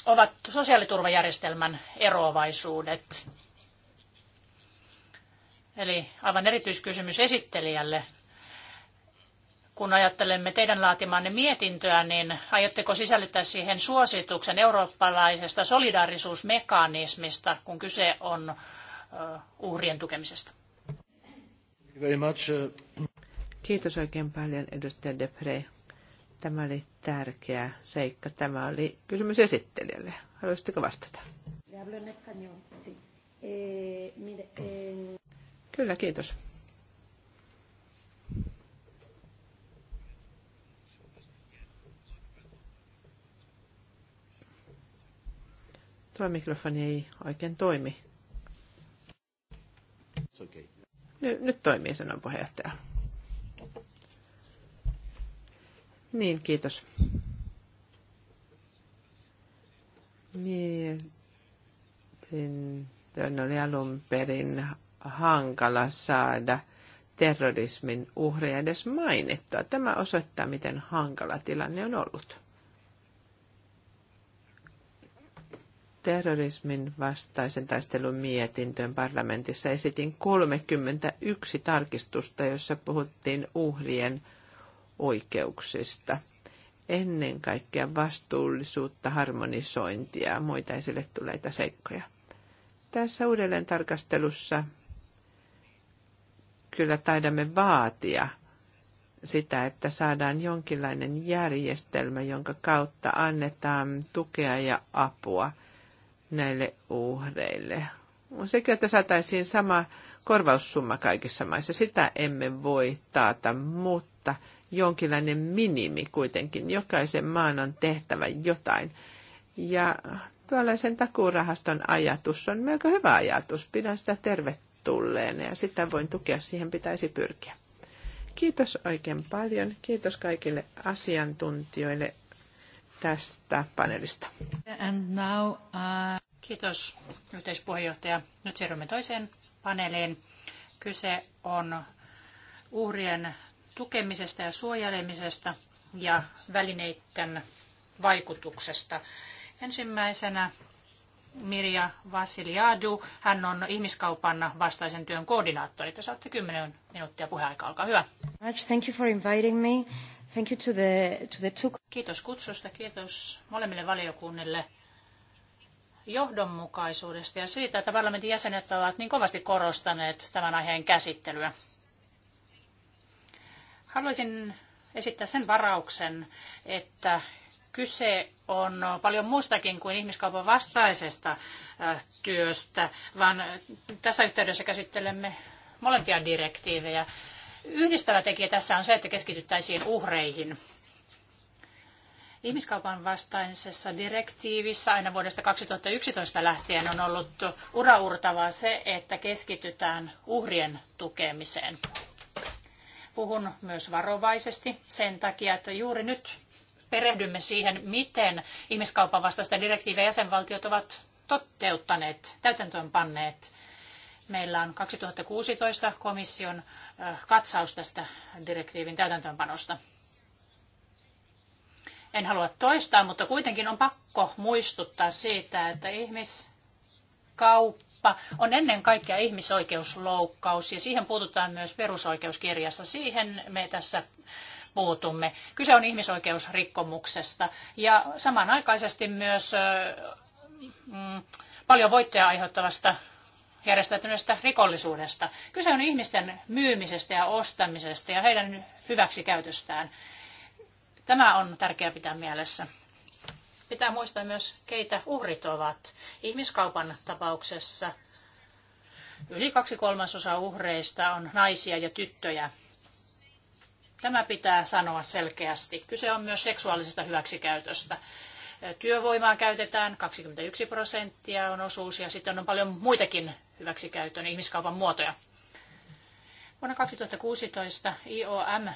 ovat sosiaaliturvajärjestelmän eroavaisuudet. Eli aivan erityiskysymys esittelijälle. Kun ajattelemme teidän laatimaanne mietintöä, niin aiotteko sisällyttää siihen suosituksen eurooppalaisesta solidaarisuusmekanismista, kun kyse on uhrien tukemisesta. Uh, kiitos oikein paljon edustaja Depre. Tämä oli tärkeä seikka. Tämä oli kysymys esittelijälle. Haluaisitteko vastata? Eh, Kyllä, kiitos. Tuo mikrofoni ei oikein toimi. Nyt, nyt toimii, sanon puheenjohtaja. Niin, kiitos. Mietin, Tämä oli alun perin hankala saada terrorismin uhreja edes mainittua. Tämä osoittaa, miten hankala tilanne on ollut. terrorismin vastaisen taistelun mietintöön parlamentissa esitin 31 tarkistusta, jossa puhuttiin uhrien oikeuksista. Ennen kaikkea vastuullisuutta, harmonisointia ja muita esille tuleita seikkoja. Tässä uudelleen tarkastelussa kyllä taidamme vaatia sitä, että saadaan jonkinlainen järjestelmä, jonka kautta annetaan tukea ja apua – näille uhreille. On sekin, että saataisiin sama korvaussumma kaikissa maissa. Sitä emme voi taata, mutta jonkinlainen minimi kuitenkin. Jokaisen maan on tehtävä jotain. Ja tuollaisen takuurahaston ajatus on melko hyvä ajatus. Pidän sitä tervetulleena ja sitä voin tukea. Siihen pitäisi pyrkiä. Kiitos oikein paljon. Kiitos kaikille asiantuntijoille tästä paneelista. And now, uh... Kiitos yhteispuheenjohtaja. Nyt siirrymme toiseen paneeliin. Kyse on uhrien tukemisesta ja suojelemisesta ja välineiden vaikutuksesta. Ensimmäisenä Mirja Vasiliadu. Hän on ihmiskaupan vastaisen työn koordinaattori. Te saatte 10 minuuttia puheaikaa. Olkaa hyvä. Thank you for inviting me. Thank you to the, to the two... Kiitos kutsusta, kiitos molemmille valiokunnille johdonmukaisuudesta ja siitä, että parlamentin jäsenet ovat niin kovasti korostaneet tämän aiheen käsittelyä. Haluaisin esittää sen varauksen, että kyse on paljon muustakin kuin ihmiskaupan vastaisesta työstä, vaan tässä yhteydessä käsittelemme molempia direktiivejä. Yhdistävä tekijä tässä on se, että keskityttäisiin uhreihin. Ihmiskaupan vastaisessa direktiivissä aina vuodesta 2011 lähtien on ollut uraurtavaa se, että keskitytään uhrien tukemiseen. Puhun myös varovaisesti sen takia, että juuri nyt perehdymme siihen, miten ihmiskaupan vastaista direktiiviä jäsenvaltiot ovat toteuttaneet, täytäntöönpanneet. Meillä on 2016 komission katsaus tästä direktiivin täytäntöönpanosta. En halua toistaa, mutta kuitenkin on pakko muistuttaa siitä, että ihmiskauppa on ennen kaikkea ihmisoikeusloukkaus ja siihen puututaan myös perusoikeuskirjassa. Siihen me tässä puutumme. Kyse on ihmisoikeusrikkomuksesta ja samanaikaisesti myös mm, paljon voittoja aiheuttavasta järjestäytyneestä rikollisuudesta. Kyse on ihmisten myymisestä ja ostamisesta ja heidän hyväksikäytöstään. Tämä on tärkeää pitää mielessä. Pitää muistaa myös, keitä uhrit ovat. Ihmiskaupan tapauksessa yli kaksi kolmasosa uhreista on naisia ja tyttöjä. Tämä pitää sanoa selkeästi. Kyse on myös seksuaalisesta hyväksikäytöstä työvoimaa käytetään, 21 prosenttia on osuus, ja sitten on paljon muitakin hyväksikäytön ihmiskaupan muotoja. Vuonna 2016 IOM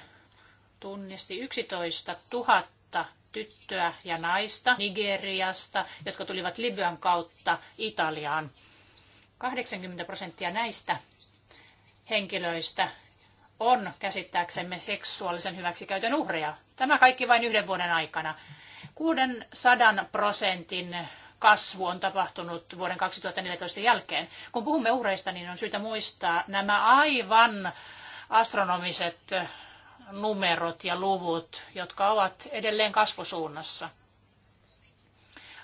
tunnisti 11 000 tyttöä ja naista Nigeriasta, jotka tulivat Libyan kautta Italiaan. 80 prosenttia näistä henkilöistä on käsittääksemme seksuaalisen hyväksikäytön uhreja. Tämä kaikki vain yhden vuoden aikana. 600 prosentin kasvu on tapahtunut vuoden 2014 jälkeen. Kun puhumme uhreista, niin on syytä muistaa nämä aivan astronomiset numerot ja luvut, jotka ovat edelleen kasvusuunnassa.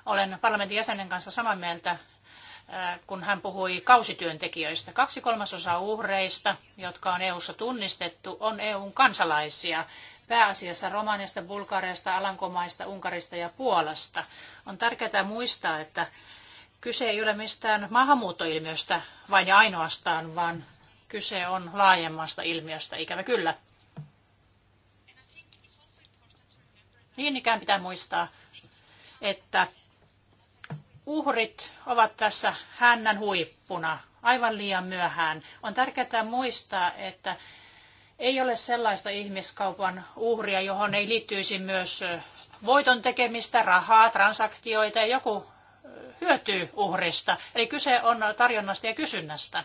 Olen parlamentin jäsenen kanssa samaa mieltä, äh, kun hän puhui kausityöntekijöistä. Kaksi kolmasosaa uhreista, jotka on EU-ssa tunnistettu, on EUn kansalaisia pääasiassa Romaniasta, Bulgariasta, Alankomaista, Unkarista ja Puolasta. On tärkeää muistaa, että kyse ei ole mistään maahanmuuttoilmiöstä vain ja ainoastaan, vaan kyse on laajemmasta ilmiöstä, ikävä kyllä. Niin ikään pitää muistaa, että uhrit ovat tässä hännän huippuna aivan liian myöhään. On tärkeää muistaa, että ei ole sellaista ihmiskaupan uhria, johon ei liittyisi myös voiton tekemistä, rahaa, transaktioita ja joku hyötyy uhrista. Eli kyse on tarjonnasta ja kysynnästä.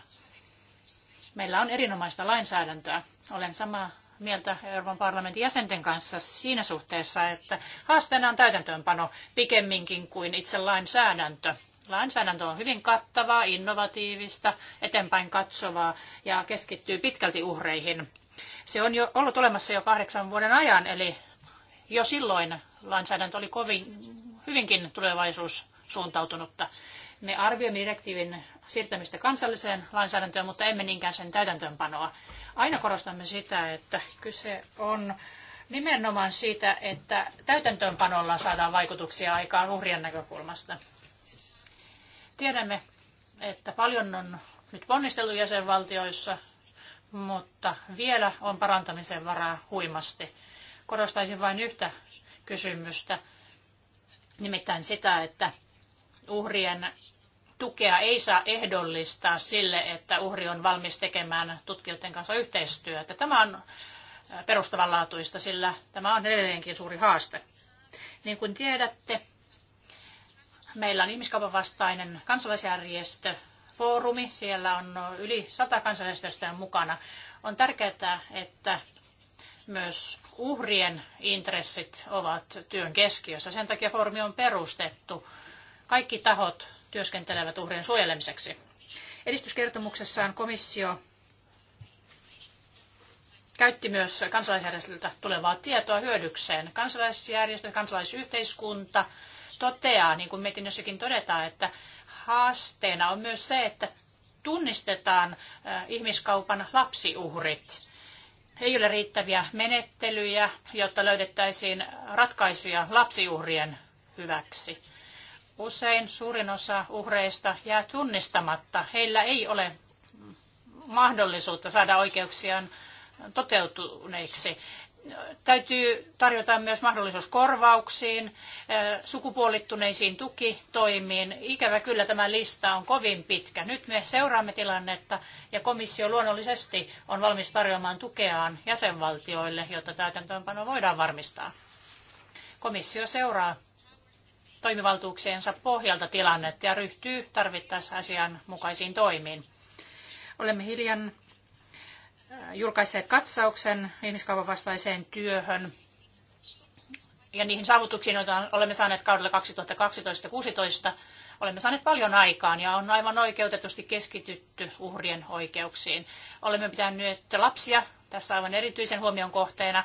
Meillä on erinomaista lainsäädäntöä. Olen samaa mieltä Euroopan parlamentin jäsenten kanssa siinä suhteessa, että haasteena on täytäntöönpano pikemminkin kuin itse lainsäädäntö. Lainsäädäntö on hyvin kattavaa, innovatiivista, eteenpäin katsovaa ja keskittyy pitkälti uhreihin. Se on jo ollut olemassa jo kahdeksan vuoden ajan, eli jo silloin lainsäädäntö oli kovin, hyvinkin tulevaisuussuuntautunutta. Me arvioimme direktiivin siirtämistä kansalliseen lainsäädäntöön, mutta emme niinkään sen täytäntöönpanoa. Aina korostamme sitä, että kyse on nimenomaan siitä, että täytäntöönpanolla saadaan vaikutuksia aikaan uhrien näkökulmasta. Tiedämme, että paljon on nyt ponnisteltu jäsenvaltioissa mutta vielä on parantamisen varaa huimasti. Korostaisin vain yhtä kysymystä, nimittäin sitä, että uhrien tukea ei saa ehdollistaa sille, että uhri on valmis tekemään tutkijoiden kanssa yhteistyötä. Tämä on perustavanlaatuista, sillä tämä on edelleenkin suuri haaste. Niin kuin tiedätte, meillä on ihmiskaupan vastainen kansalaisjärjestö foorumi. Siellä on yli sata kansanäänestystä mukana. On tärkeää, että myös uhrien intressit ovat työn keskiössä. Sen takia foorumi on perustettu. Kaikki tahot työskentelevät uhrien suojelemiseksi. Edistyskertomuksessaan komissio käytti myös kansalaisjärjestöltä tulevaa tietoa hyödykseen. Kansalaisjärjestö, kansalaisyhteiskunta toteaa, niin kuin mietinnössäkin todetaan, että haasteena on myös se, että tunnistetaan ihmiskaupan lapsiuhrit. Ei ole riittäviä menettelyjä, jotta löydettäisiin ratkaisuja lapsiuhrien hyväksi. Usein suurin osa uhreista jää tunnistamatta. Heillä ei ole mahdollisuutta saada oikeuksiaan toteutuneiksi täytyy tarjota myös mahdollisuus korvauksiin, sukupuolittuneisiin tukitoimiin. Ikävä kyllä tämä lista on kovin pitkä. Nyt me seuraamme tilannetta ja komissio luonnollisesti on valmis tarjoamaan tukeaan jäsenvaltioille, jotta täytäntöönpano voidaan varmistaa. Komissio seuraa toimivaltuuksiensa pohjalta tilannetta ja ryhtyy tarvittaessa asianmukaisiin toimiin. Olemme hiljan Äh, julkaisseet katsauksen ihmiskaupan vastaiseen työhön ja niihin saavutuksiin, joita olemme saaneet kaudella 2012-2016, olemme saaneet paljon aikaan ja on aivan oikeutetusti keskitytty uhrien oikeuksiin. Olemme pitäneet lapsia tässä aivan erityisen huomion kohteena.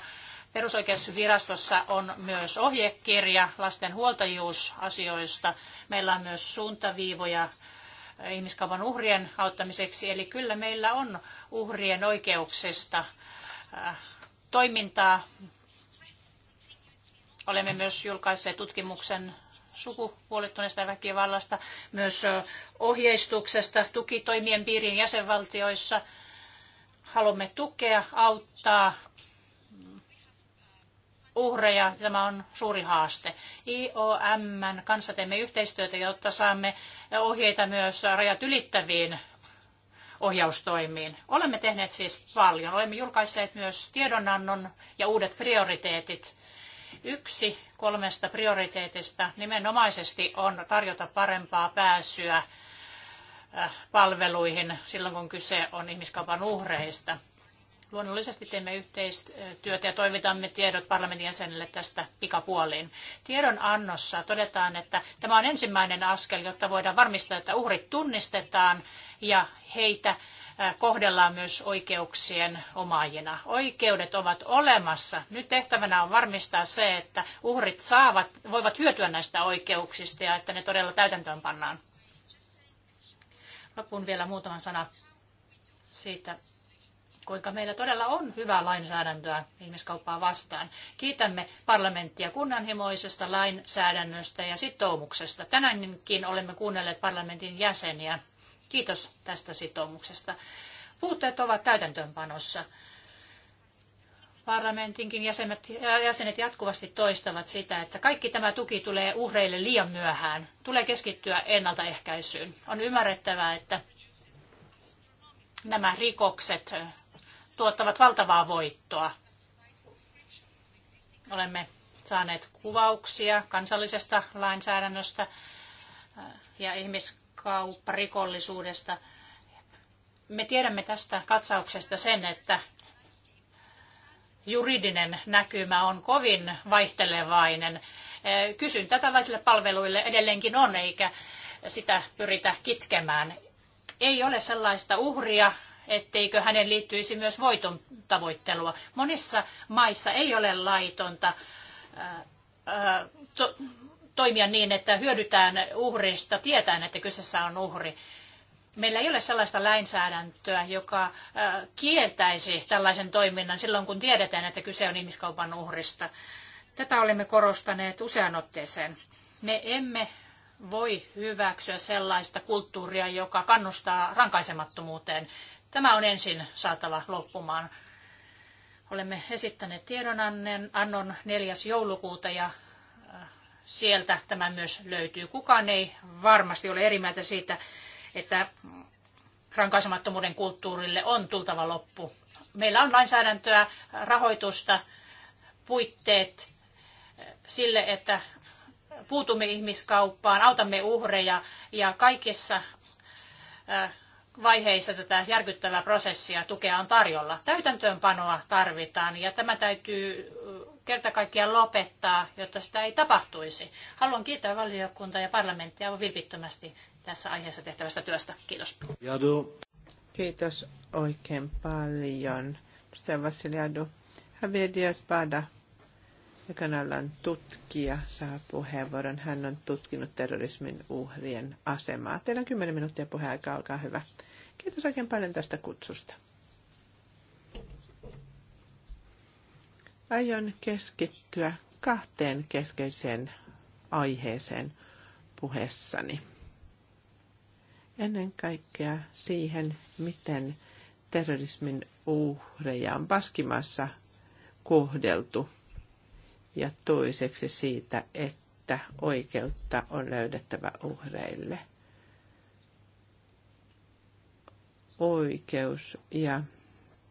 Perusoikeusvirastossa on myös ohjekirja lasten huoltajuusasioista. Meillä on myös suuntaviivoja ihmiskaupan uhrien auttamiseksi. Eli kyllä meillä on uhrien oikeuksista äh, toimintaa. Olemme myös julkaisseet tutkimuksen sukupuolittuneesta väkivallasta, myös äh, ohjeistuksesta tukitoimien piiriin jäsenvaltioissa. Haluamme tukea, auttaa uhreja. Tämä on suuri haaste. IOM kanssa teemme yhteistyötä, jotta saamme ohjeita myös rajat ylittäviin ohjaustoimiin. Olemme tehneet siis paljon. Olemme julkaisseet myös tiedonannon ja uudet prioriteetit. Yksi kolmesta prioriteetista nimenomaisesti on tarjota parempaa pääsyä äh, palveluihin silloin, kun kyse on ihmiskaupan uhreista. Luonnollisesti teemme yhteistyötä ja toimitamme tiedot parlamentin jäsenille tästä pikapuoliin. Tiedon annossa todetaan, että tämä on ensimmäinen askel, jotta voidaan varmistaa, että uhrit tunnistetaan ja heitä kohdellaan myös oikeuksien omaajina. Oikeudet ovat olemassa. Nyt tehtävänä on varmistaa se, että uhrit saavat, voivat hyötyä näistä oikeuksista ja että ne todella täytäntöön pannaan. Loppuun vielä muutama sana siitä, kuinka meillä todella on hyvää lainsäädäntöä ihmiskauppaa vastaan. Kiitämme parlamenttia kunnanhimoisesta lainsäädännöstä ja sitoumuksesta. Tänäänkin olemme kuunnelleet parlamentin jäseniä. Kiitos tästä sitoumuksesta. Puutteet ovat täytäntöönpanossa. Parlamentinkin jäsenet, äh, jäsenet jatkuvasti toistavat sitä, että kaikki tämä tuki tulee uhreille liian myöhään. Tulee keskittyä ennaltaehkäisyyn. On ymmärrettävää, että nämä rikokset tuottavat valtavaa voittoa. Olemme saaneet kuvauksia kansallisesta lainsäädännöstä äh, ja ihmiskaupparikollisuudesta. Me tiedämme tästä katsauksesta sen, että juridinen näkymä on kovin vaihtelevainen. Äh, kysyntä tällaisille palveluille edelleenkin on, eikä sitä pyritä kitkemään. Ei ole sellaista uhria, etteikö hänen liittyisi myös voiton tavoittelua. Monissa maissa ei ole laitonta to, toimia niin, että hyödytään uhrista tietään, että kyseessä on uhri. Meillä ei ole sellaista lainsäädäntöä, joka kieltäisi tällaisen toiminnan silloin, kun tiedetään, että kyse on ihmiskaupan uhrista. Tätä olemme korostaneet usean otteeseen. Me emme voi hyväksyä sellaista kulttuuria, joka kannustaa rankaisemattomuuteen. Tämä on ensin saatava loppumaan. Olemme esittäneet tiedonannon 4. joulukuuta ja äh, sieltä tämä myös löytyy. Kukaan ei varmasti ole eri mieltä siitä, että rankaisemattomuuden kulttuurille on tultava loppu. Meillä on lainsäädäntöä, rahoitusta, puitteet äh, sille, että puutumme ihmiskauppaan, autamme uhreja ja kaikessa äh, vaiheissa tätä järkyttävää prosessia tukea on tarjolla. Täytäntöönpanoa tarvitaan ja tämä täytyy kerta kaikkiaan lopettaa, jotta sitä ei tapahtuisi. Haluan kiittää valiokuntaa ja parlamenttia vilpittömästi tässä aiheessa tehtävästä työstä. Kiitos. Jadu. Kiitos oikein paljon. Sitten Vassiliadu. Javier Diaz-Bada, joka on tutkija, saa puheenvuoron. Hän on tutkinut terrorismin uhrien asemaa. Teillä on 10 minuuttia puheaikaa, olkaa hyvä. Kiitos oikein paljon tästä kutsusta. Aion keskittyä kahteen keskeiseen aiheeseen puheessani. Ennen kaikkea siihen, miten terrorismin uhreja on Baskimassa kohdeltu ja toiseksi siitä, että oikeutta on löydettävä uhreille – oikeus ja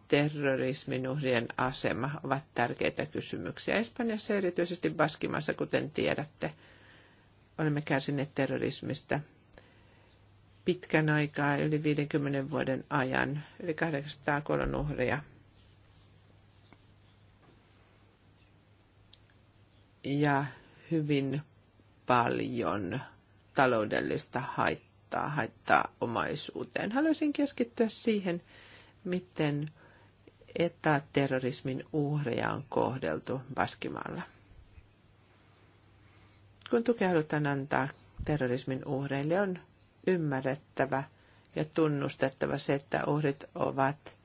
terrorismin uhrien asema ovat tärkeitä kysymyksiä. Espanjassa erityisesti Baskimassa, kuten tiedätte, olemme kärsineet terrorismista pitkän aikaa, yli 50 vuoden ajan, yli 800 kolonuhria. Ja hyvin paljon taloudellista haittaa aiheuttaa haittaa omaisuuteen. Haluaisin keskittyä siihen, miten etäterrorismin uhreja on kohdeltu Baskimaalla. Kun tukea halutaan antaa terrorismin uhreille, on ymmärrettävä ja tunnustettava se, että uhrit ovat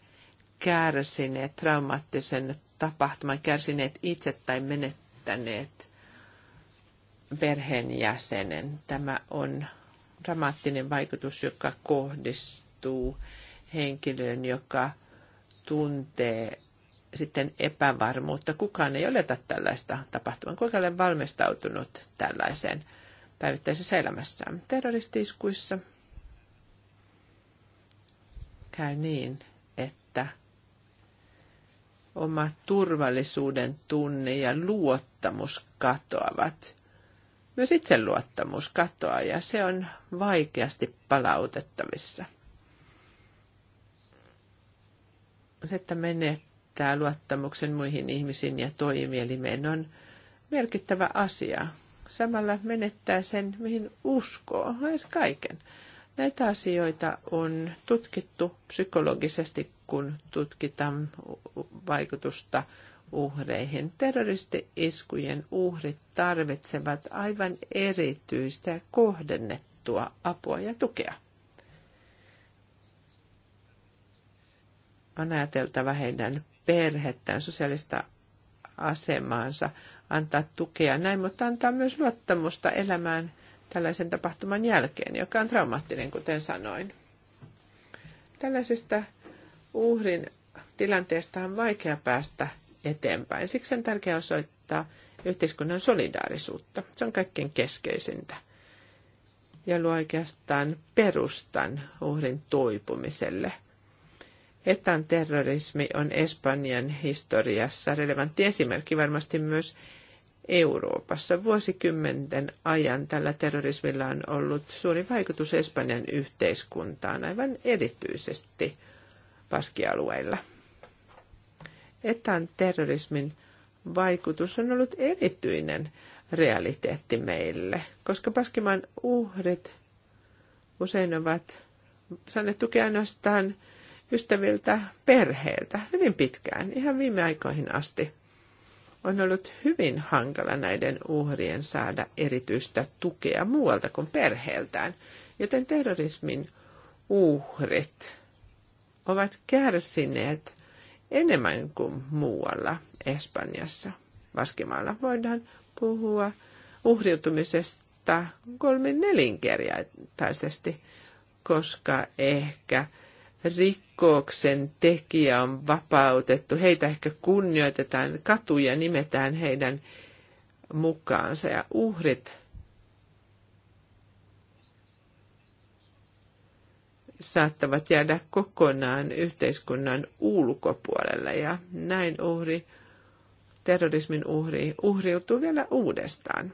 kärsineet traumaattisen tapahtuman, kärsineet itse tai menettäneet perheenjäsenen. Tämä on dramaattinen vaikutus, joka kohdistuu henkilöön, joka tuntee sitten epävarmuutta. Kukaan ei oleta tällaista tapahtumaa. Kuinka olen valmistautunut tällaiseen päivittäisessä elämässään? Terroristiiskuissa käy niin, että oma turvallisuuden tunne ja luottamus katoavat. Myös itseluottamus katoaa ja se on vaikeasti palautettavissa. Se, että menettää luottamuksen muihin ihmisiin ja toimielimeen on merkittävä asia. Samalla menettää sen, mihin uskoo, lähes kaiken. Näitä asioita on tutkittu psykologisesti, kun tutkitaan vaikutusta uhreihin. Terroristi-iskujen uhrit tarvitsevat aivan erityistä kohdennettua apua ja tukea. On ajateltava heidän perhettään, sosiaalista asemaansa, antaa tukea näin, mutta antaa myös luottamusta elämään tällaisen tapahtuman jälkeen, joka on traumaattinen, kuten sanoin. Tällaisesta uhrin tilanteesta on vaikea päästä – eteenpäin. Siksi on tärkeää osoittaa yhteiskunnan solidaarisuutta. Se on kaikkein keskeisintä ja luo oikeastaan perustan uhrin toipumiselle. Etan terrorismi on Espanjan historiassa relevantti esimerkki varmasti myös Euroopassa. Vuosikymmenten ajan tällä terrorismilla on ollut suuri vaikutus Espanjan yhteiskuntaan, aivan erityisesti paskialueilla etan terrorismin vaikutus on ollut erityinen realiteetti meille, koska Paskimaan uhrit usein ovat saaneet tukea ainoastaan ystäviltä, perheeltä hyvin pitkään, ihan viime aikoihin asti. On ollut hyvin hankala näiden uhrien saada erityistä tukea muualta kuin perheeltään, joten terrorismin uhrit ovat kärsineet enemmän kuin muualla Espanjassa. Vaskimaalla voidaan puhua uhriutumisesta kolme nelinkertaisesti, koska ehkä rikoksen tekijä on vapautettu, heitä ehkä kunnioitetaan, katuja nimetään heidän mukaansa ja uhrit saattavat jäädä kokonaan yhteiskunnan ulkopuolelle ja näin uhri, terrorismin uhri, uhriutuu vielä uudestaan.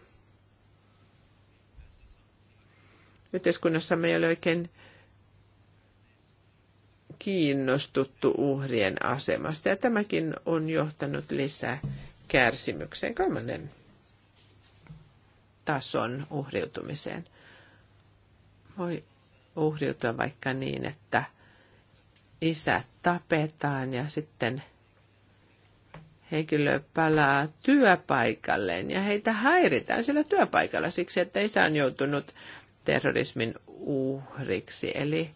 Yhteiskunnassamme ei ole oikein kiinnostuttu uhrien asemasta ja tämäkin on johtanut lisää kärsimykseen, kolmannen tason uhriutumiseen. Voi uhriutua vaikka niin, että isä tapetaan ja sitten henkilö palaa työpaikalleen ja heitä häiritään sillä työpaikalla siksi, että isä on joutunut terrorismin uhriksi. Eli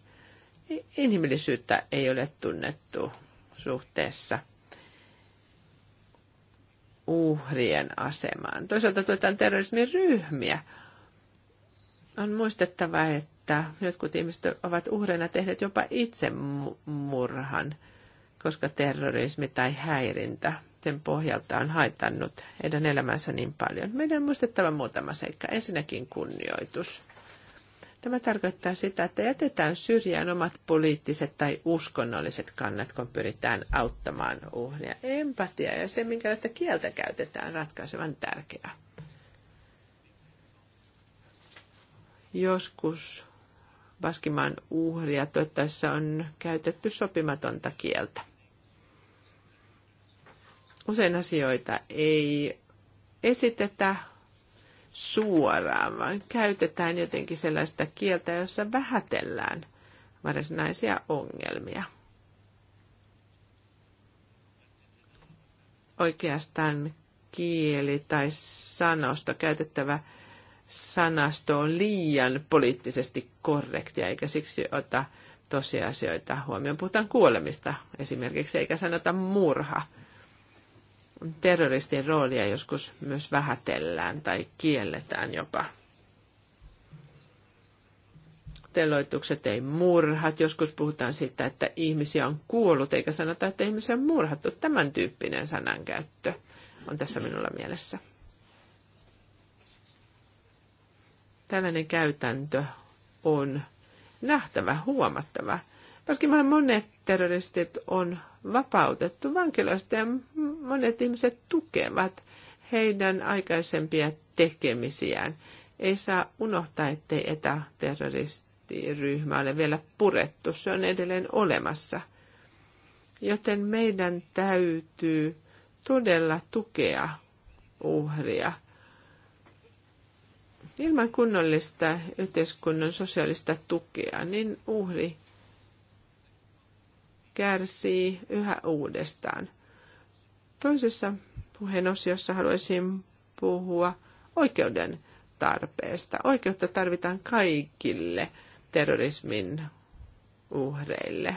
inhimillisyyttä ei ole tunnettu suhteessa uhrien asemaan. Toisaalta tuetaan terrorismin ryhmiä. On muistettava, että että jotkut ihmiset ovat uhreina tehneet jopa itsemurhan, koska terrorismi tai häirintä sen pohjalta on haitannut heidän elämänsä niin paljon. Meidän on muistettava muutama seikka. Ensinnäkin kunnioitus. Tämä tarkoittaa sitä, että jätetään syrjään omat poliittiset tai uskonnolliset kannat, kun pyritään auttamaan uhria. Empatia ja se, minkälaista kieltä käytetään, ratkaisevan tärkeää. Joskus vaskimaan uhria tässä on käytetty sopimatonta kieltä. Usein asioita ei esitetä suoraan, vaan käytetään jotenkin sellaista kieltä, jossa vähätellään varsinaisia ongelmia. Oikeastaan kieli tai sanosto käytettävä sanasto on liian poliittisesti korrektia, eikä siksi ota tosiasioita huomioon. Puhutaan kuolemista esimerkiksi, eikä sanota murha. Terroristin roolia joskus myös vähätellään tai kielletään jopa. Teloitukset ei murhat. Joskus puhutaan siitä, että ihmisiä on kuollut, eikä sanota, että ihmisiä on murhattu. Tämän tyyppinen sanankäyttö on tässä minulla mielessä. Tällainen käytäntö on nähtävä, huomattava. Koska monet terroristit on vapautettu vankiloista ja monet ihmiset tukevat heidän aikaisempia tekemisiään. Ei saa unohtaa, ettei etäterroristiryhmä ole vielä purettu. Se on edelleen olemassa. Joten meidän täytyy todella tukea uhria. Ilman kunnollista yhteiskunnan sosiaalista tukea, niin uhri kärsii yhä uudestaan. Toisessa puheen osiossa haluaisin puhua oikeuden tarpeesta. Oikeutta tarvitaan kaikille terrorismin uhreille.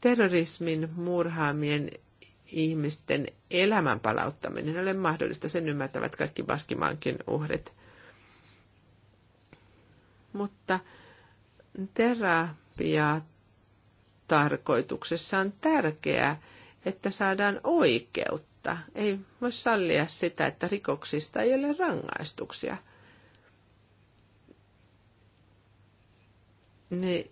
Terrorismin murhaamien ihmisten elämän palauttaminen ole mahdollista. Sen ymmärtävät kaikki Baskimaankin uhrit. Mutta terapia tarkoituksessa on tärkeää, että saadaan oikeutta. Ei voi sallia sitä, että rikoksista ei ole rangaistuksia. Ne,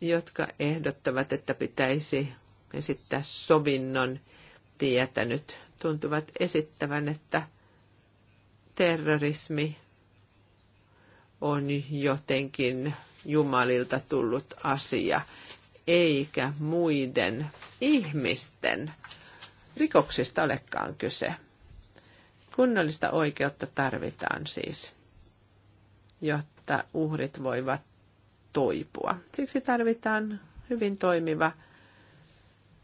jotka ehdottavat, että pitäisi esittää sovinnon tietänyt, tuntuvat esittävän, että terrorismi on jotenkin Jumalilta tullut asia, eikä muiden ihmisten rikoksista olekaan kyse. Kunnollista oikeutta tarvitaan siis, jotta uhrit voivat toipua. Siksi tarvitaan hyvin toimiva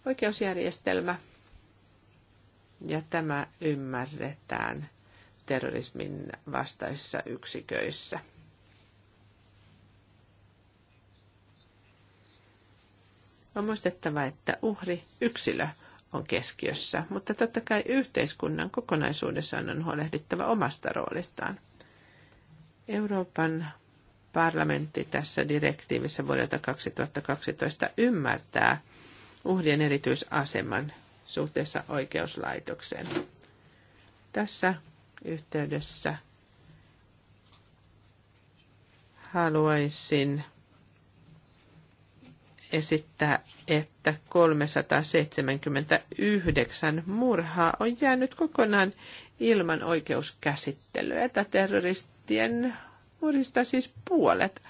oikeusjärjestelmä – ja tämä ymmärretään terrorismin vastaisissa yksiköissä. On muistettava, että uhri, yksilö, on keskiössä, mutta totta kai yhteiskunnan kokonaisuudessaan on huolehdittava omasta roolistaan. Euroopan parlamentti tässä direktiivissä vuodelta 2012 ymmärtää uhrien erityisaseman suhteessa oikeuslaitokseen. Tässä yhteydessä haluaisin esittää, että 379 murhaa on jäänyt kokonaan ilman oikeuskäsittelyä. terroristien murhista siis puolet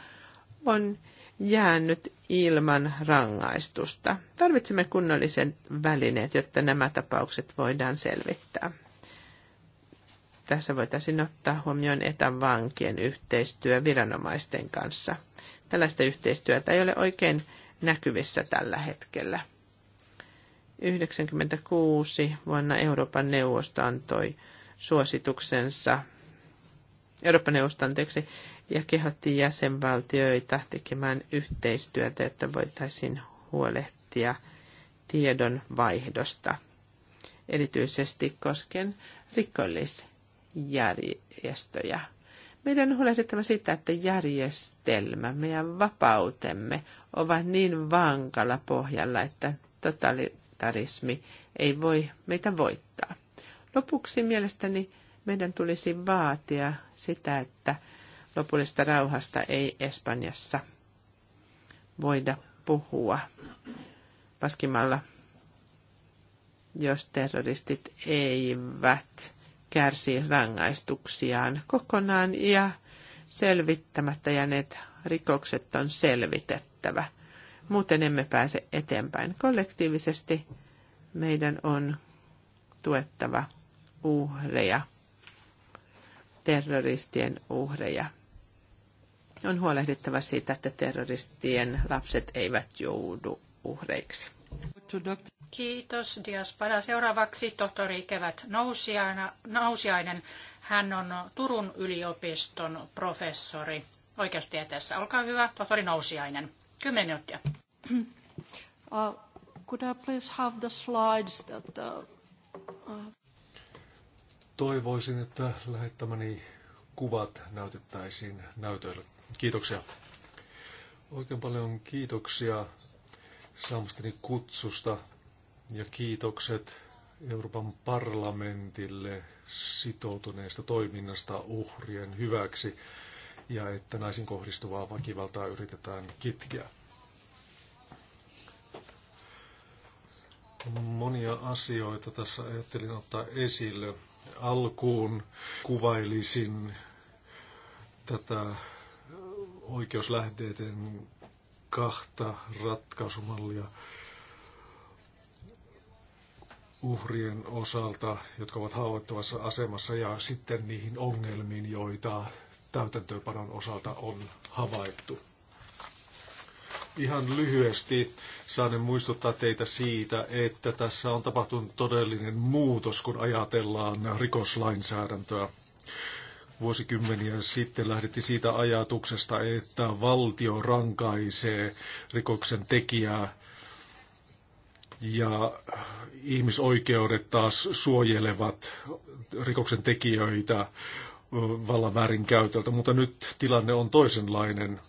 on jäänyt ilman rangaistusta. Tarvitsemme kunnollisen välineet, jotta nämä tapaukset voidaan selvittää. Tässä voitaisiin ottaa huomioon etän vankien yhteistyö viranomaisten kanssa. Tällaista yhteistyötä ei ole oikein näkyvissä tällä hetkellä. 1996 vuonna Euroopan neuvosto antoi suosituksensa Euroopan neuvoston anteeksi ja kehotti jäsenvaltioita tekemään yhteistyötä, että voitaisiin huolehtia tiedon vaihdosta, erityisesti koskien rikollisjärjestöjä. Meidän on huolehdittava siitä, että järjestelmämme ja vapautemme ovat niin vankalla pohjalla, että totalitarismi ei voi meitä voittaa. Lopuksi mielestäni meidän tulisi vaatia sitä, että lopullista rauhasta ei Espanjassa voida puhua paskimalla, jos terroristit eivät kärsi rangaistuksiaan kokonaan ja selvittämättä jääneet rikokset on selvitettävä. Muuten emme pääse eteenpäin. Kollektiivisesti meidän on tuettava uhreja, terroristien uhreja. On huolehdittava siitä, että terroristien lapset eivät joudu uhreiksi. Kiitos Diaspora. Seuraavaksi tohtori Kevät Nousiainen. Hän on Turun yliopiston professori oikeustieteessä. Olkaa hyvä, tohtori Nousiainen. Kymmenen minuuttia. Uh, could I please have the slides that uh... uh Toivoisin, että lähettämäni kuvat näytettäisiin näytöille. Kiitoksia. Oikein paljon kiitoksia saamastani kutsusta ja kiitokset Euroopan parlamentille sitoutuneesta toiminnasta uhrien hyväksi ja että naisin kohdistuvaa väkivaltaa yritetään kitkeä. Monia asioita tässä ajattelin ottaa esille. Alkuun kuvailisin tätä oikeuslähteiden kahta ratkaisumallia uhrien osalta, jotka ovat haavoittuvassa asemassa, ja sitten niihin ongelmiin, joita täytäntöönpanon osalta on havaittu. Ihan lyhyesti saanen muistuttaa teitä siitä, että tässä on tapahtunut todellinen muutos, kun ajatellaan rikoslainsäädäntöä. Vuosikymmeniä sitten lähdettiin siitä ajatuksesta, että valtio rankaisee rikoksen tekijää ja ihmisoikeudet taas suojelevat rikoksen tekijöitä vallan väärinkäytöltä, mutta nyt tilanne on toisenlainen.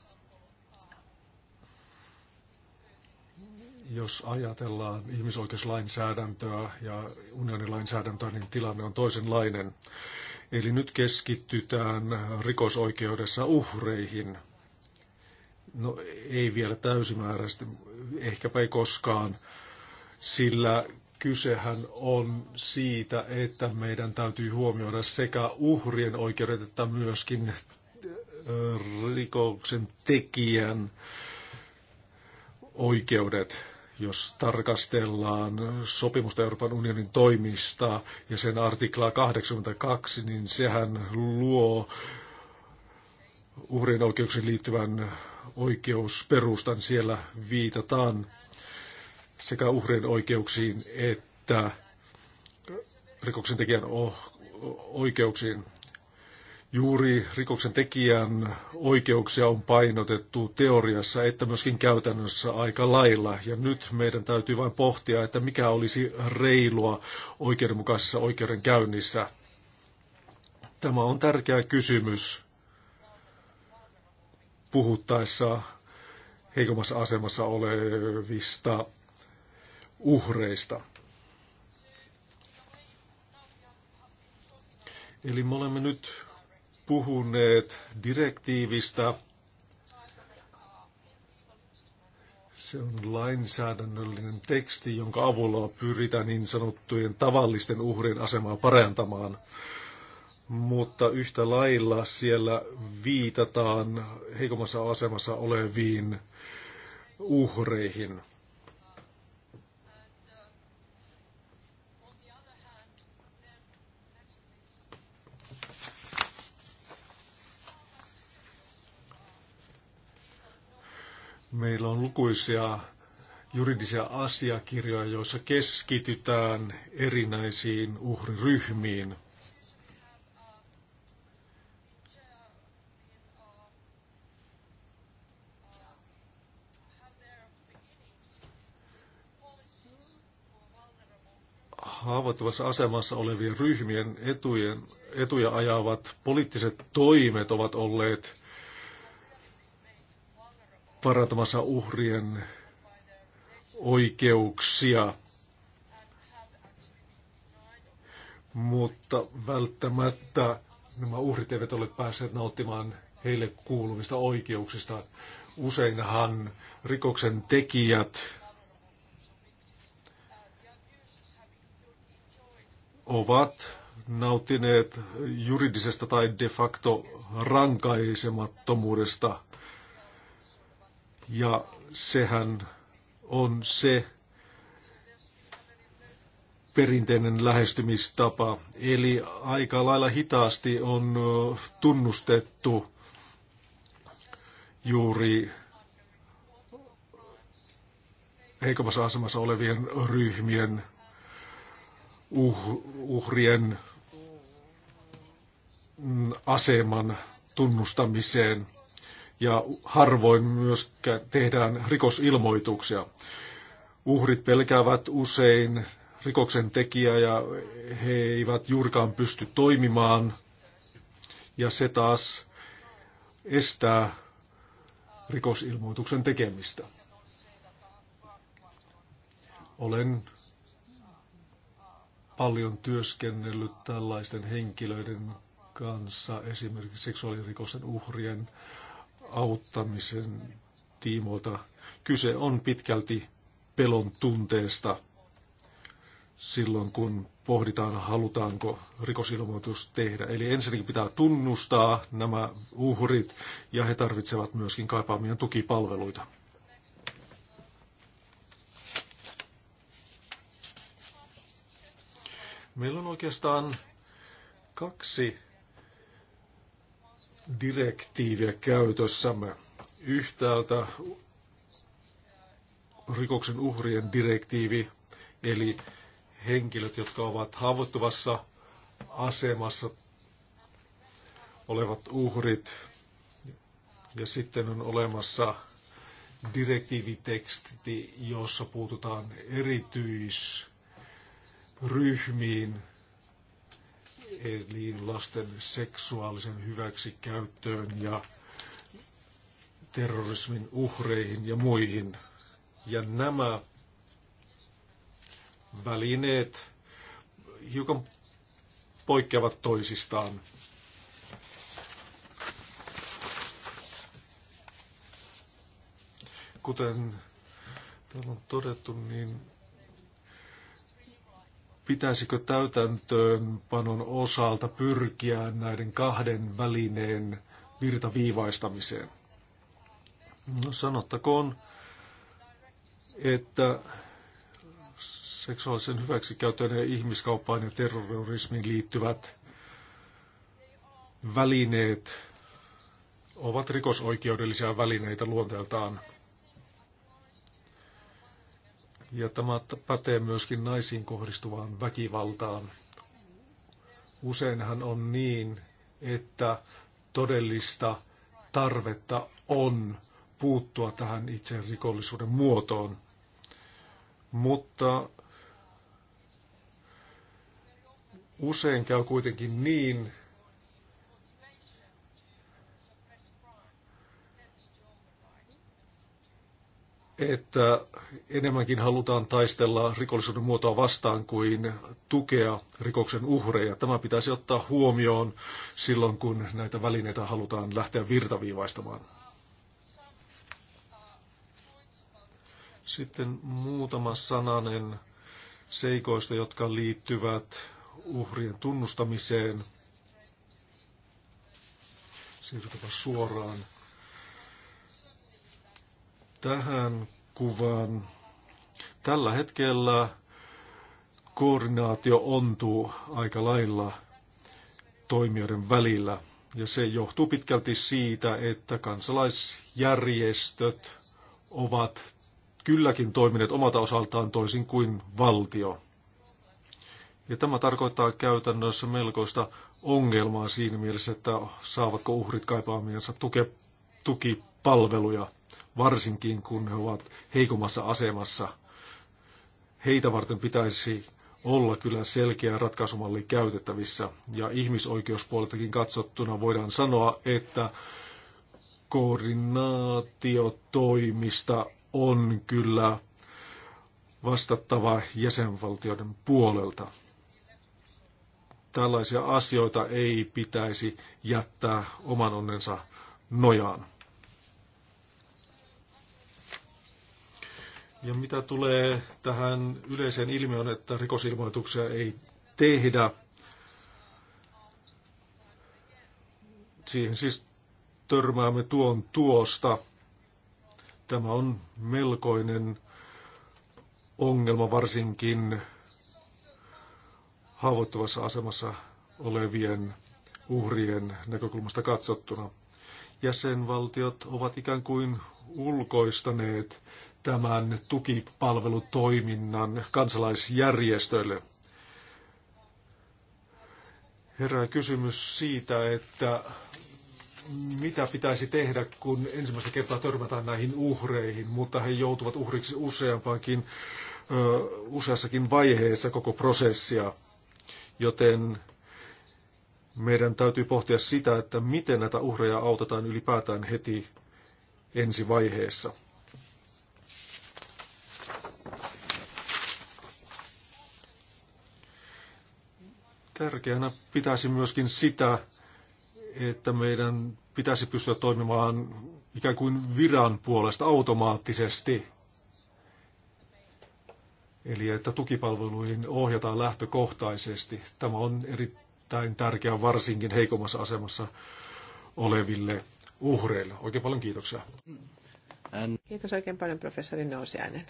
Jos ajatellaan ihmisoikeuslainsäädäntöä ja unionilainsäädäntöä, niin tilanne on toisenlainen. Eli nyt keskitytään rikosoikeudessa uhreihin. No ei vielä täysimääräisesti, ehkäpä ei koskaan, sillä kysehän on siitä, että meidän täytyy huomioida sekä uhrien oikeudet että myöskin rikoksen tekijän oikeudet jos tarkastellaan sopimusta Euroopan unionin toimista ja sen artiklaa 82, niin sehän luo uhrien oikeuksiin liittyvän oikeusperustan. Siellä viitataan sekä uhrien oikeuksiin että rikoksentekijän oikeuksiin. Juuri rikoksen tekijän oikeuksia on painotettu teoriassa että myöskin käytännössä aika lailla. Ja nyt meidän täytyy vain pohtia, että mikä olisi reilua oikeudenmukaisessa oikeudenkäynnissä. Tämä on tärkeä kysymys puhuttaessa heikommassa asemassa olevista uhreista. Eli me olemme nyt puhuneet direktiivistä. Se on lainsäädännöllinen teksti, jonka avulla pyritään niin sanottujen tavallisten uhrien asemaa parantamaan. Mutta yhtä lailla siellä viitataan heikommassa asemassa oleviin uhreihin – Meillä on lukuisia juridisia asiakirjoja, joissa keskitytään erinäisiin uhriryhmiin. haavoittuvassa asemassa olevien ryhmien etujen, etuja ajavat poliittiset toimet ovat olleet parantamassa uhrien oikeuksia, mutta välttämättä nämä uhrit eivät ole päässeet nauttimaan heille kuuluvista oikeuksista. Useinhan rikoksen tekijät ovat nauttineet juridisesta tai de facto rankaisemattomuudesta – ja sehän on se perinteinen lähestymistapa. Eli aika lailla hitaasti on tunnustettu juuri heikommassa asemassa olevien ryhmien uh, uhrien mm, aseman tunnustamiseen – ja harvoin myöskään tehdään rikosilmoituksia. Uhrit pelkäävät usein rikoksen tekijää ja he eivät juurikaan pysty toimimaan ja se taas estää rikosilmoituksen tekemistä. Olen paljon työskennellyt tällaisten henkilöiden kanssa, esimerkiksi seksuaalirikosten uhrien auttamisen tiimoilta. Kyse on pitkälti pelon tunteesta silloin, kun pohditaan, halutaanko rikosilmoitus tehdä. Eli ensinnäkin pitää tunnustaa nämä uhrit ja he tarvitsevat myöskin kaipaamia tukipalveluita. Meillä on oikeastaan kaksi direktiiviä käytössämme. Yhtäältä rikoksen uhrien direktiivi, eli henkilöt, jotka ovat haavoittuvassa asemassa olevat uhrit. Ja sitten on olemassa direktiiviteksti, jossa puututaan erityisryhmiin, eli lasten seksuaalisen hyväksikäyttöön ja terrorismin uhreihin ja muihin. Ja nämä välineet hiukan poikkeavat toisistaan. Kuten täällä on todettu, niin pitäisikö täytäntöönpanon osalta pyrkiä näiden kahden välineen virtaviivaistamiseen? No sanottakoon, että seksuaalisen hyväksikäytön ja ihmiskauppaan ja terrorismiin liittyvät välineet ovat rikosoikeudellisia välineitä luonteeltaan – ja tämä pätee myöskin naisiin kohdistuvaan väkivaltaan. Useinhan on niin, että todellista tarvetta on puuttua tähän itse rikollisuuden muotoon. Mutta usein käy kuitenkin niin, että enemmänkin halutaan taistella rikollisuuden muotoa vastaan kuin tukea rikoksen uhreja. Tämä pitäisi ottaa huomioon silloin, kun näitä välineitä halutaan lähteä virtaviivaistamaan. Sitten muutama sananen seikoista, jotka liittyvät uhrien tunnustamiseen. Siirrytään suoraan tähän kuvaan. Tällä hetkellä koordinaatio ontuu aika lailla toimijoiden välillä. Ja se johtuu pitkälti siitä, että kansalaisjärjestöt ovat kylläkin toimineet omalta osaltaan toisin kuin valtio. Ja tämä tarkoittaa käytännössä melkoista ongelmaa siinä mielessä, että saavatko uhrit kaipaamiensa tuke, tukipalveluja varsinkin kun he ovat heikommassa asemassa. Heitä varten pitäisi olla kyllä selkeä ratkaisumalli käytettävissä. Ja ihmisoikeuspuoleltakin katsottuna voidaan sanoa, että koordinaatiotoimista on kyllä vastattava jäsenvaltioiden puolelta. Tällaisia asioita ei pitäisi jättää oman onnensa nojaan. Ja mitä tulee tähän yleiseen ilmiön, että rikosilmoituksia ei tehdä, siihen siis törmäämme tuon tuosta. Tämä on melkoinen ongelma varsinkin haavoittuvassa asemassa olevien uhrien näkökulmasta katsottuna. Jäsenvaltiot ovat ikään kuin ulkoistaneet tämän tukipalvelutoiminnan kansalaisjärjestöille. Herää kysymys siitä, että mitä pitäisi tehdä, kun ensimmäistä kertaa törmätään näihin uhreihin, mutta he joutuvat uhriksi useampaankin, useassakin vaiheessa koko prosessia. Joten meidän täytyy pohtia sitä, että miten näitä uhreja autetaan ylipäätään heti ensi vaiheessa. Tärkeänä pitäisi myöskin sitä, että meidän pitäisi pystyä toimimaan ikään kuin viran puolesta automaattisesti. Eli että tukipalveluihin ohjataan lähtökohtaisesti. Tämä on erittäin tärkeää varsinkin heikommassa asemassa oleville uhreille. Oikein paljon kiitoksia. Kiitos oikein paljon professori Nousiainen.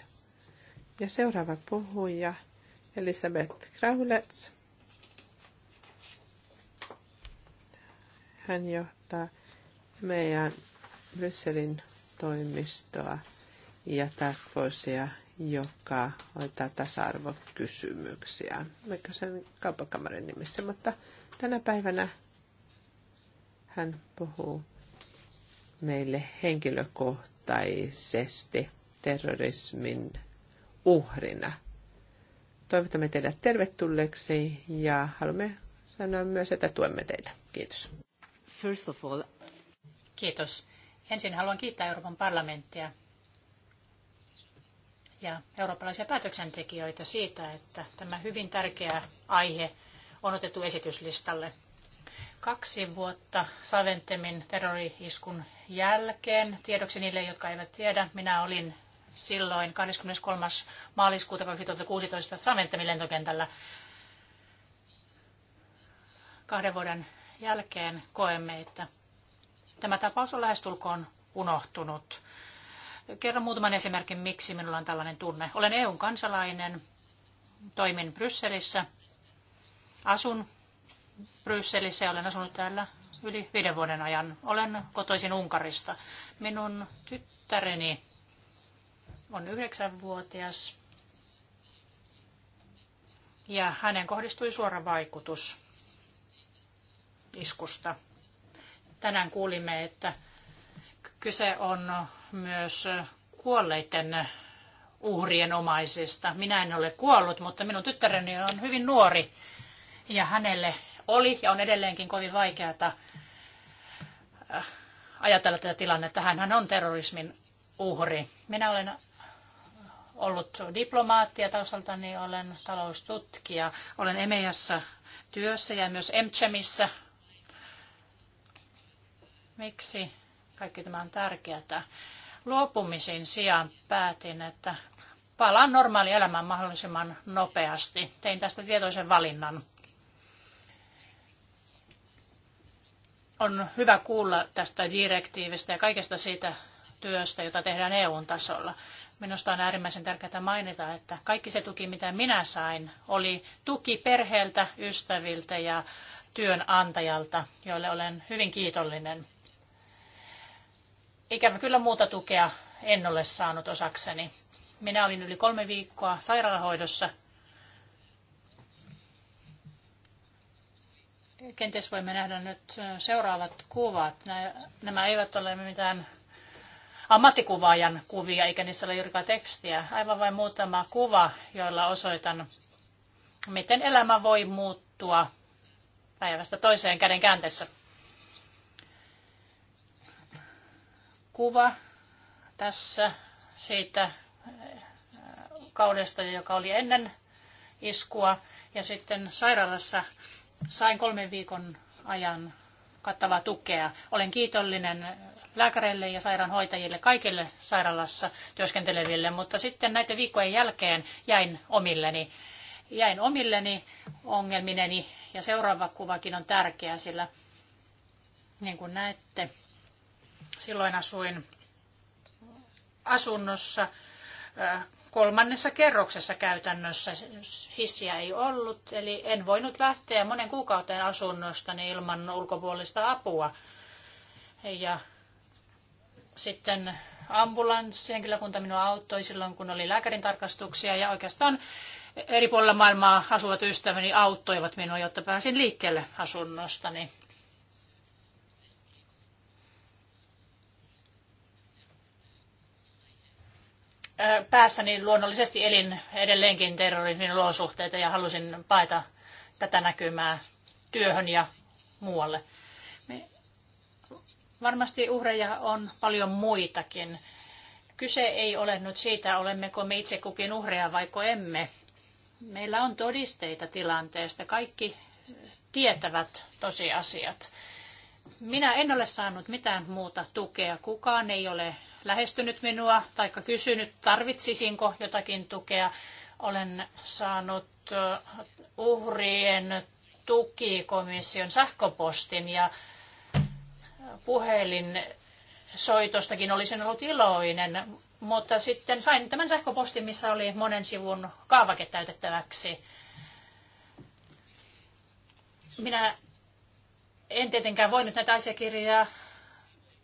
Ja seuraava puhuja Elisabeth Kraulets Hän johtaa meidän Brysselin toimistoa ja task forcea, joka hoitaa tasa-arvokysymyksiä, vaikka sen kauppakamarin nimissä, mutta tänä päivänä hän puhuu meille henkilökohtaisesti terrorismin uhrina. Toivotamme teidät tervetulleeksi ja haluamme sanoa myös, että tuemme teitä. Kiitos. First of all. Kiitos. Ensin haluan kiittää Euroopan parlamenttia ja eurooppalaisia päätöksentekijöitä siitä, että tämä hyvin tärkeä aihe on otettu esityslistalle. Kaksi vuotta Saventemin terrori-iskun jälkeen, tiedoksi niille, jotka eivät tiedä, minä olin silloin 23. maaliskuuta 2016 Saventemin lentokentällä kahden vuoden jälkeen koemme, että tämä tapaus on lähestulkoon unohtunut. Kerron muutaman esimerkin, miksi minulla on tällainen tunne. Olen eu kansalainen, toimin Brysselissä, asun Brysselissä ja olen asunut täällä yli viiden vuoden ajan. Olen kotoisin Unkarista. Minun tyttäreni on yhdeksänvuotias ja hänen kohdistui suora vaikutus iskusta. Tänään kuulimme, että kyse on myös kuolleiden uhrien omaisista. Minä en ole kuollut, mutta minun tyttäreni on hyvin nuori ja hänelle oli ja on edelleenkin kovin vaikeaa äh, ajatella tätä tilannetta. Hän on terrorismin uhri. Minä olen ollut diplomaatti ja taustaltani olen taloustutkija. Olen EMEJassa työssä ja myös EMCHEMissä miksi kaikki tämä on tärkeää. Luopumisen sijaan päätin, että palaan elämään mahdollisimman nopeasti. Tein tästä tietoisen valinnan. On hyvä kuulla tästä direktiivistä ja kaikesta siitä työstä, jota tehdään EUn tasolla. Minusta on äärimmäisen tärkeää mainita, että kaikki se tuki, mitä minä sain, oli tuki perheeltä, ystäviltä ja työnantajalta, joille olen hyvin kiitollinen. Ikävä kyllä muuta tukea en ole saanut osakseni. Minä olin yli kolme viikkoa sairaalahoidossa. Kenties voimme nähdä nyt seuraavat kuvat. Nämä eivät ole mitään ammattikuvaajan kuvia, eikä niissä ole juurikaan tekstiä. Aivan vain muutama kuva, joilla osoitan, miten elämä voi muuttua päivästä toiseen käden käänteessä. kuva tässä siitä äh, kaudesta, joka oli ennen iskua. Ja sitten sairaalassa sain kolmen viikon ajan kattavaa tukea. Olen kiitollinen lääkäreille ja sairaanhoitajille, kaikille sairaalassa työskenteleville, mutta sitten näiden viikkojen jälkeen jäin omilleni. Jäin omilleni ongelmineni ja seuraava kuvakin on tärkeä, sillä niin kuin näette, Silloin asuin asunnossa äh, kolmannessa kerroksessa käytännössä. Hissiä ei ollut, eli en voinut lähteä monen kuukauteen asunnostani ilman ulkopuolista apua. Ja sitten ambulanssihenkilökunta minua auttoi silloin, kun oli lääkärin tarkastuksia ja oikeastaan eri puolilla maailmaa asuvat ystäväni auttoivat minua, jotta pääsin liikkeelle asunnostani. Päässäni niin luonnollisesti elin edelleenkin terrorismin olosuhteita ja halusin paeta tätä näkymää työhön ja muualle. varmasti uhreja on paljon muitakin. Kyse ei ole nyt siitä, olemmeko me itse kukin uhreja vaiko emme. Meillä on todisteita tilanteesta. Kaikki tietävät tosiasiat. Minä en ole saanut mitään muuta tukea. Kukaan ei ole lähestynyt minua tai kysynyt, tarvitsisinko jotakin tukea. Olen saanut uhrien tukikomission sähköpostin ja puhelin soitostakin olisin ollut iloinen, mutta sitten sain tämän sähköpostin, missä oli monen sivun kaavake täytettäväksi. Minä en tietenkään voinut näitä asiakirjoja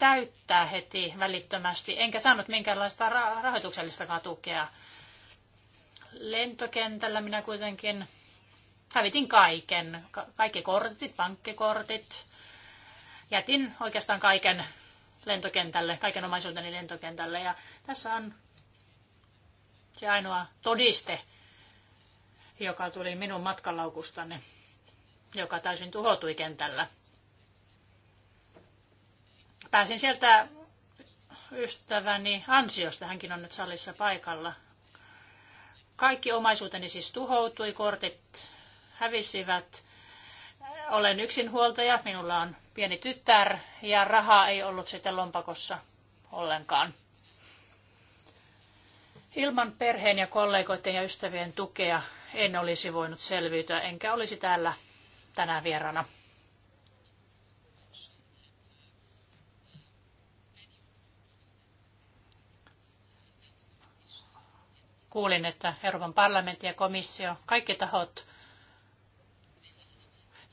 täyttää heti välittömästi, enkä saanut minkäänlaista rahoituksellistakaan tukea. Lentokentällä minä kuitenkin hävitin kaiken, kaikki kortit, pankkikortit. Jätin oikeastaan kaiken lentokentälle, kaiken omaisuuteni lentokentälle ja tässä on se ainoa todiste, joka tuli minun matkalaukustani, joka täysin tuhoutui kentällä pääsin sieltä ystäväni ansiosta, hänkin on nyt salissa paikalla. Kaikki omaisuuteni siis tuhoutui, kortit hävisivät. Olen yksinhuoltaja, minulla on pieni tytär ja rahaa ei ollut sitten lompakossa ollenkaan. Ilman perheen ja kollegoiden ja ystävien tukea en olisi voinut selviytyä, enkä olisi täällä tänään vierana. kuulin, että Euroopan parlamentti ja komissio, kaikki tahot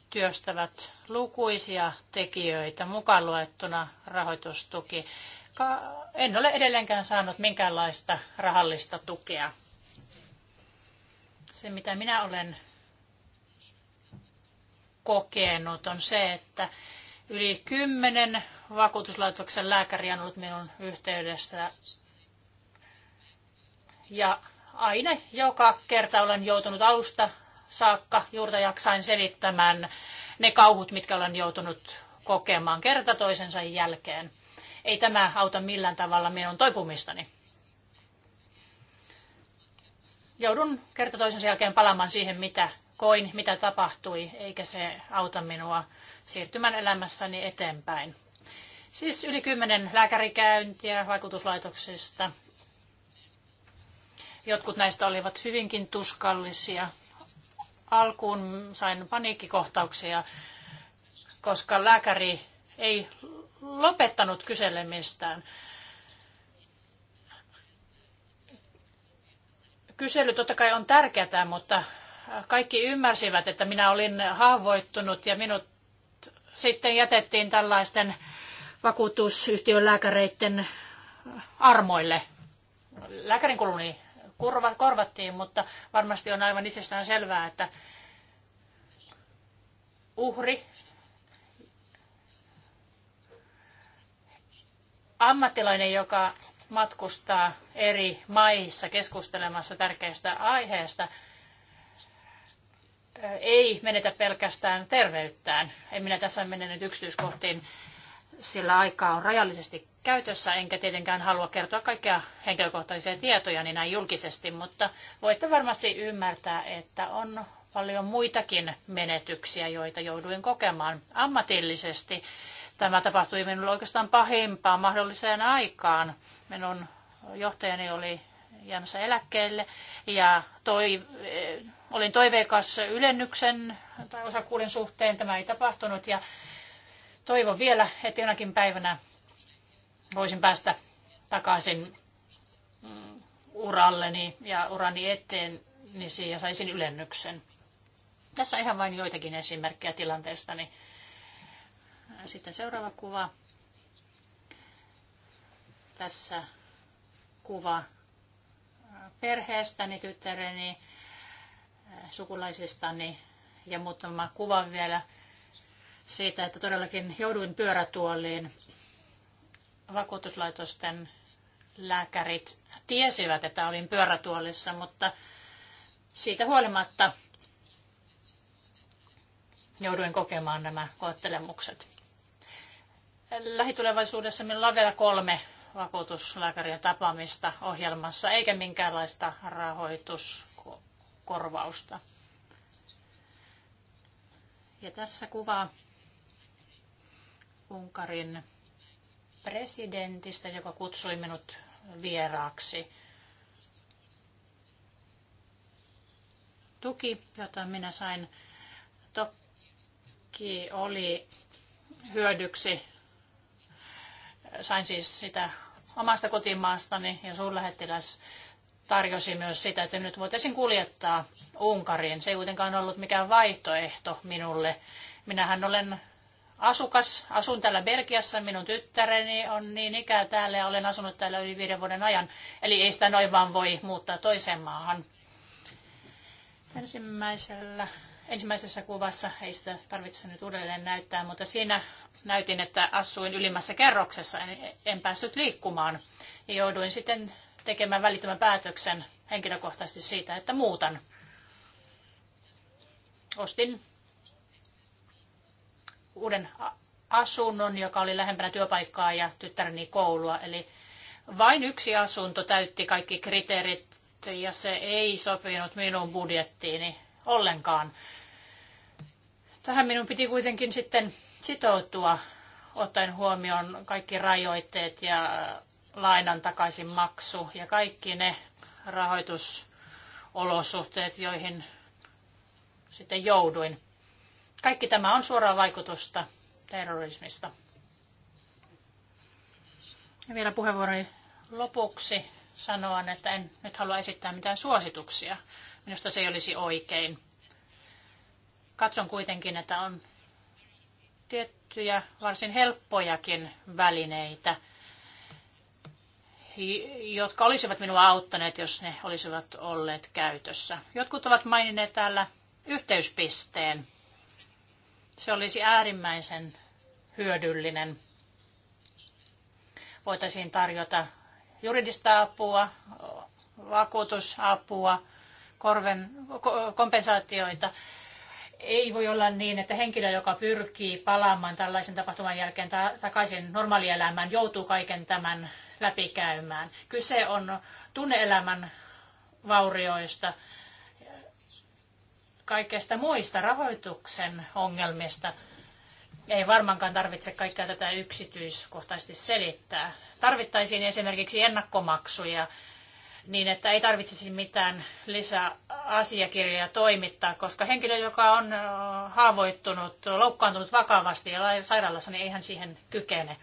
työstävät lukuisia tekijöitä, mukaan luettuna rahoitustuki. En ole edelleenkään saanut minkäänlaista rahallista tukea. Se, mitä minä olen kokenut, on se, että yli kymmenen vakuutuslaitoksen lääkäriä on ollut minun yhteydessä ja aina joka kerta olen joutunut alusta saakka juurta jaksain selittämään ne kauhut, mitkä olen joutunut kokemaan kerta toisensa jälkeen. Ei tämä auta millään tavalla minun toipumistani. Joudun kerta toisensa jälkeen palaamaan siihen, mitä koin, mitä tapahtui, eikä se auta minua siirtymään elämässäni eteenpäin. Siis yli kymmenen lääkärikäyntiä vaikutuslaitoksista, Jotkut näistä olivat hyvinkin tuskallisia. Alkuun sain paniikkikohtauksia, koska lääkäri ei lopettanut kyselemistään. Kysely totta kai on tärkeää, mutta kaikki ymmärsivät, että minä olin haavoittunut ja minut sitten jätettiin tällaisten vakuutusyhtiön lääkäreiden armoille. Lääkärin kuluni kurva, korvattiin, mutta varmasti on aivan itsestään selvää, että uhri ammattilainen, joka matkustaa eri maissa keskustelemassa tärkeistä aiheista, ei menetä pelkästään terveyttään. En minä tässä mene nyt yksityiskohtiin, sillä aikaa on rajallisesti käytössä, enkä tietenkään halua kertoa kaikkia henkilökohtaisia tietoja niin näin julkisesti, mutta voitte varmasti ymmärtää, että on paljon muitakin menetyksiä, joita jouduin kokemaan ammatillisesti. Tämä tapahtui minulle oikeastaan pahimpaan mahdolliseen aikaan. Minun johtajani oli jäämässä eläkkeelle ja toi, eh, olin toiveikas ylennyksen tai osakuuden suhteen. Tämä ei tapahtunut ja toivon vielä, että jonakin päivänä voisin päästä takaisin mm, uralleni ja urani eteen niin ja saisin ylennyksen. Tässä ihan vain joitakin esimerkkejä tilanteesta. Sitten seuraava kuva. Tässä kuva perheestäni, tyttäreni, sukulaisistani ja muutama kuva vielä siitä, että todellakin jouduin pyörätuoliin vakuutuslaitosten lääkärit tiesivät, että olin pyörätuolissa, mutta siitä huolimatta jouduin kokemaan nämä koettelemukset. Lähitulevaisuudessa minulla on vielä kolme vakuutuslääkärien tapaamista ohjelmassa, eikä minkäänlaista rahoituskorvausta. Ja tässä kuvaa Unkarin presidentistä, joka kutsui minut vieraaksi. Tuki, jota minä sain, toki oli hyödyksi. Sain siis sitä omasta kotimaastani ja suurlähettiläs tarjosi myös sitä, että nyt voitaisiin kuljettaa Unkariin. Se ei kuitenkaan ollut mikään vaihtoehto minulle. Minähän olen asukas, asun täällä Belgiassa, minun tyttäreni on niin ikää täällä ja olen asunut täällä yli viiden vuoden ajan. Eli ei sitä noin vaan voi muuttaa toiseen maahan. Ensimmäisellä, ensimmäisessä kuvassa ei sitä tarvitse nyt uudelleen näyttää, mutta siinä näytin, että asuin ylimmässä kerroksessa, en, en päässyt liikkumaan. Ja jouduin sitten tekemään välittömän päätöksen henkilökohtaisesti siitä, että muutan. Ostin uuden asunnon, joka oli lähempänä työpaikkaa ja tyttäreni koulua. Eli vain yksi asunto täytti kaikki kriteerit ja se ei sopinut minun budjettiini ollenkaan. Tähän minun piti kuitenkin sitten sitoutua, ottaen huomioon kaikki rajoitteet ja lainan takaisin maksu ja kaikki ne rahoitusolosuhteet, joihin sitten jouduin. Kaikki tämä on suoraa vaikutusta terrorismista. Ja vielä puheenvuoroni lopuksi sanoa, että en nyt halua esittää mitään suosituksia. Minusta se ei olisi oikein. Katson kuitenkin, että on tiettyjä varsin helppojakin välineitä, jotka olisivat minua auttaneet, jos ne olisivat olleet käytössä. Jotkut ovat maininneet täällä yhteyspisteen. Se olisi äärimmäisen hyödyllinen. Voitaisiin tarjota juridista apua, vakuutusapua, korven, kompensaatioita. Ei voi olla niin, että henkilö, joka pyrkii palaamaan tällaisen tapahtuman jälkeen takaisin normaalielämään, joutuu kaiken tämän läpikäymään. Kyse on tunneelämän vaurioista, kaikesta muista rahoituksen ongelmista. Ei varmaankaan tarvitse kaikkea tätä yksityiskohtaisesti selittää. Tarvittaisiin esimerkiksi ennakkomaksuja niin, että ei tarvitsisi mitään lisäasiakirjoja toimittaa, koska henkilö, joka on haavoittunut, loukkaantunut vakavasti ja sairaalassa, niin ei siihen kykene.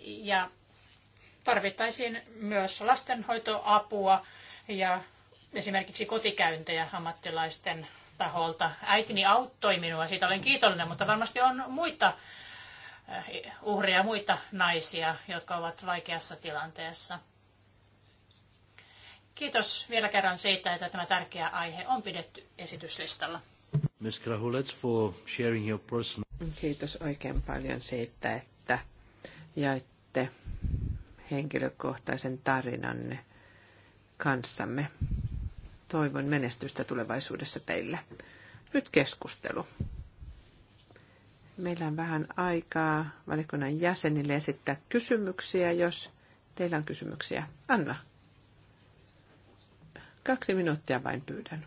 Ja tarvittaisiin myös lastenhoitoapua ja esimerkiksi kotikäyntejä ammattilaisten taholta. Äitini auttoi minua, siitä olen kiitollinen, mutta varmasti on muita eh, uhreja, muita naisia, jotka ovat vaikeassa tilanteessa. Kiitos vielä kerran siitä, että tämä tärkeä aihe on pidetty esityslistalla. Ms. Krahulets for sharing your personal... Kiitos oikein paljon siitä, että jaitte henkilökohtaisen tarinanne kanssamme. Toivon menestystä tulevaisuudessa teille. Nyt keskustelu. Meillä on vähän aikaa valikunnan jäsenille esittää kysymyksiä, jos teillä on kysymyksiä. Anna. Kaksi minuuttia vain pyydän,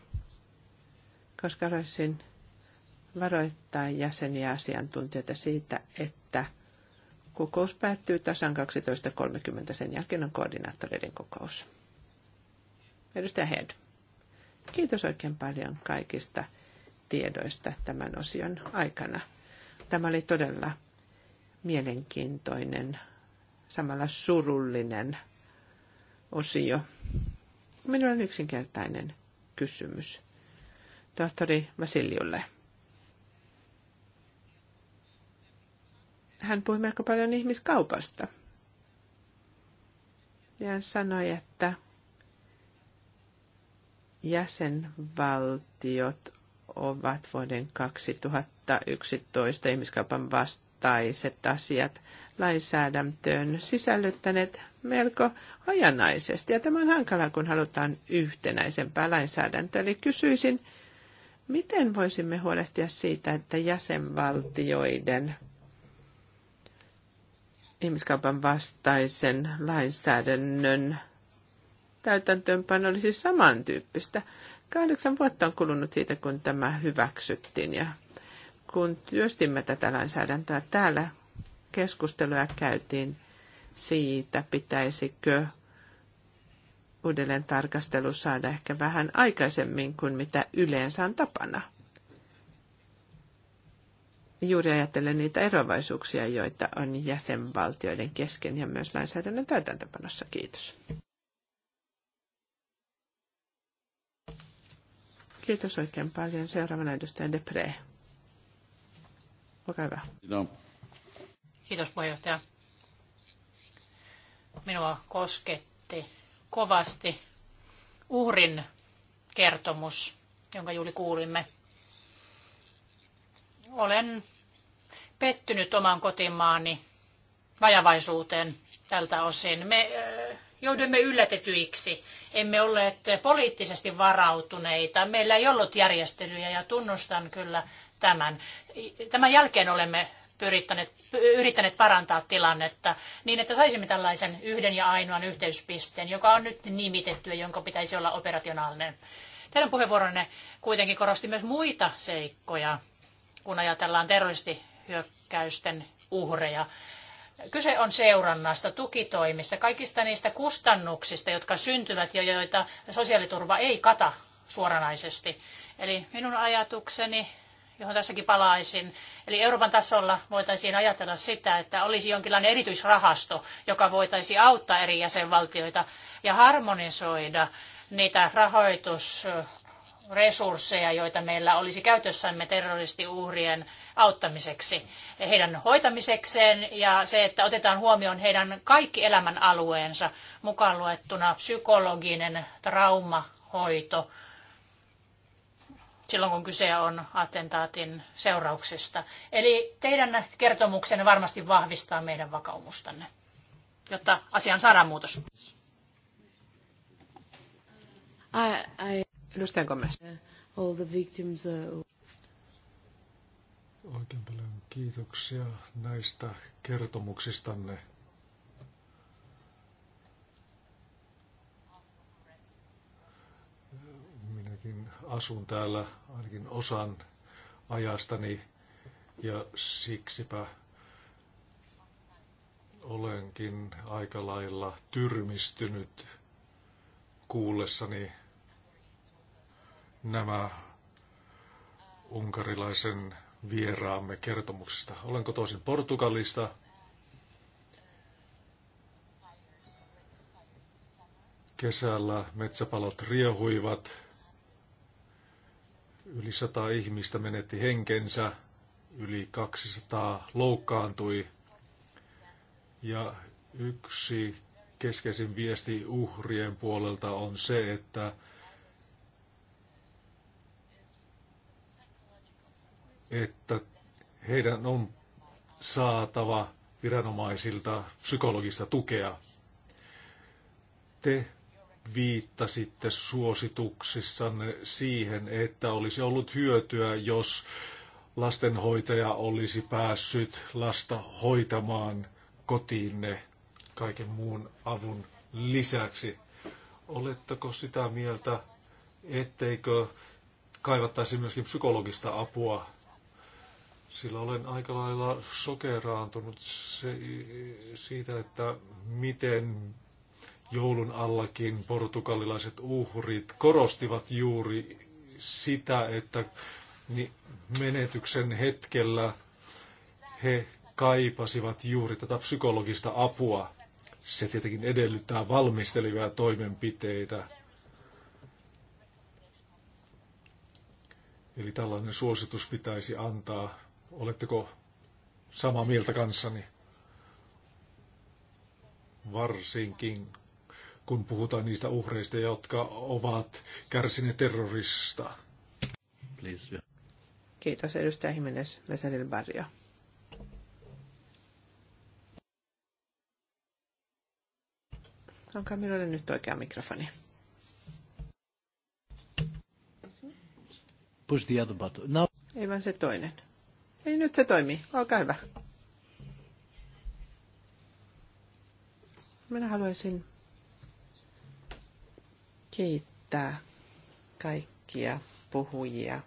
koska haluaisin varoittaa jäseniä asiantuntijoita siitä, että kokous päättyy tasan 12.30. Sen jälkeen on koordinaattoreiden kokous. Edustaja Head. Kiitos oikein paljon kaikista tiedoista tämän osion aikana. Tämä oli todella mielenkiintoinen, samalla surullinen osio. Minulla on yksinkertainen kysymys tohtori Vasiljulle. Hän puhui melko paljon ihmiskaupasta. Ja hän sanoi, että jäsenvaltiot ovat vuoden 2011 ihmiskaupan vastaiset asiat lainsäädäntöön sisällyttäneet melko hajanaisesti. Ja tämä on hankalaa, kun halutaan yhtenäisempää lainsäädäntöä. Eli kysyisin, miten voisimme huolehtia siitä, että jäsenvaltioiden ihmiskaupan vastaisen lainsäädännön täytäntöönpano oli siis samantyyppistä. Kahdeksan vuotta on kulunut siitä, kun tämä hyväksyttiin ja kun työstimme tätä lainsäädäntöä täällä, keskusteluja käytiin siitä, pitäisikö uudelleen tarkastelu saada ehkä vähän aikaisemmin kuin mitä yleensä on tapana. Juuri ajattelen niitä eroavaisuuksia, joita on jäsenvaltioiden kesken ja myös lainsäädännön täytäntöpanossa. Kiitos. Kiitos oikein paljon. Seuraavana edustaja Depre. Olkaa hyvä. No. Kiitos puheenjohtaja. Minua kosketti kovasti uhrin kertomus, jonka juuri kuulimme. Olen pettynyt oman kotimaani vajavaisuuteen tältä osin. Me äh, jouduimme yllätetyiksi. Emme olleet poliittisesti varautuneita. Meillä ei ollut järjestelyjä ja tunnustan kyllä tämän. Tämän jälkeen olemme pyrittäneet, yrittäneet parantaa tilannetta niin, että saisimme tällaisen yhden ja ainoan yhteyspisteen, joka on nyt nimitetty ja jonka pitäisi olla operationaalinen. Teidän puheenvuoronne kuitenkin korosti myös muita seikkoja, kun ajatellaan terroristihyökkäysten uhreja. Kyse on seurannasta, tukitoimista, kaikista niistä kustannuksista, jotka syntyvät ja joita sosiaaliturva ei kata suoranaisesti. Eli minun ajatukseni, johon tässäkin palaisin, eli Euroopan tasolla voitaisiin ajatella sitä, että olisi jonkinlainen erityisrahasto, joka voitaisiin auttaa eri jäsenvaltioita ja harmonisoida niitä rahoitus- resursseja, joita meillä olisi käytössämme terroristiuhrien auttamiseksi, heidän hoitamisekseen ja se, että otetaan huomioon heidän kaikki elämän alueensa mukaan luettuna psykologinen traumahoito silloin, kun kyse on attentaatin seurauksista. Eli teidän kertomuksenne varmasti vahvistaa meidän vakaumustanne, jotta asiaan saadaan muutos. I, I... Edustaja Gomez. All the victims are... Uh, Oikein paljon kiitoksia näistä kertomuksistanne. Minäkin asun täällä ainakin osan ajastani ja siksipä olenkin aika lailla tyrmistynyt kuullessani nämä unkarilaisen vieraamme kertomuksesta. Olen kotoisin Portugalista. Kesällä metsäpalot riehuivat. Yli sata ihmistä menetti henkensä, yli 200 loukkaantui ja yksi keskeisin viesti uhrien puolelta on se, että että heidän on saatava viranomaisilta psykologista tukea. Te viittasitte suosituksissanne siihen, että olisi ollut hyötyä, jos lastenhoitaja olisi päässyt lasta hoitamaan kotiinne kaiken muun avun lisäksi. Oletteko sitä mieltä, etteikö kaivattaisi myöskin psykologista apua sillä olen aika lailla sokeraantunut se, siitä, että miten joulun allakin portugalilaiset uhrit korostivat juuri sitä, että menetyksen hetkellä he kaipasivat juuri tätä psykologista apua. Se tietenkin edellyttää valmistelivia toimenpiteitä. Eli tällainen suositus pitäisi antaa Oletteko samaa mieltä kanssani? Varsinkin kun puhutaan niistä uhreista, jotka ovat kärsineet terrorista. Please. Kiitos edustaja Jimenez Veselil Barrio. Onko minulle nyt oikea mikrofoni? Push the other button. No. Ei vaan se toinen. Ei, nyt se toimii. Olkaa hyvä. Minä haluaisin kiittää kaikkia puhujia.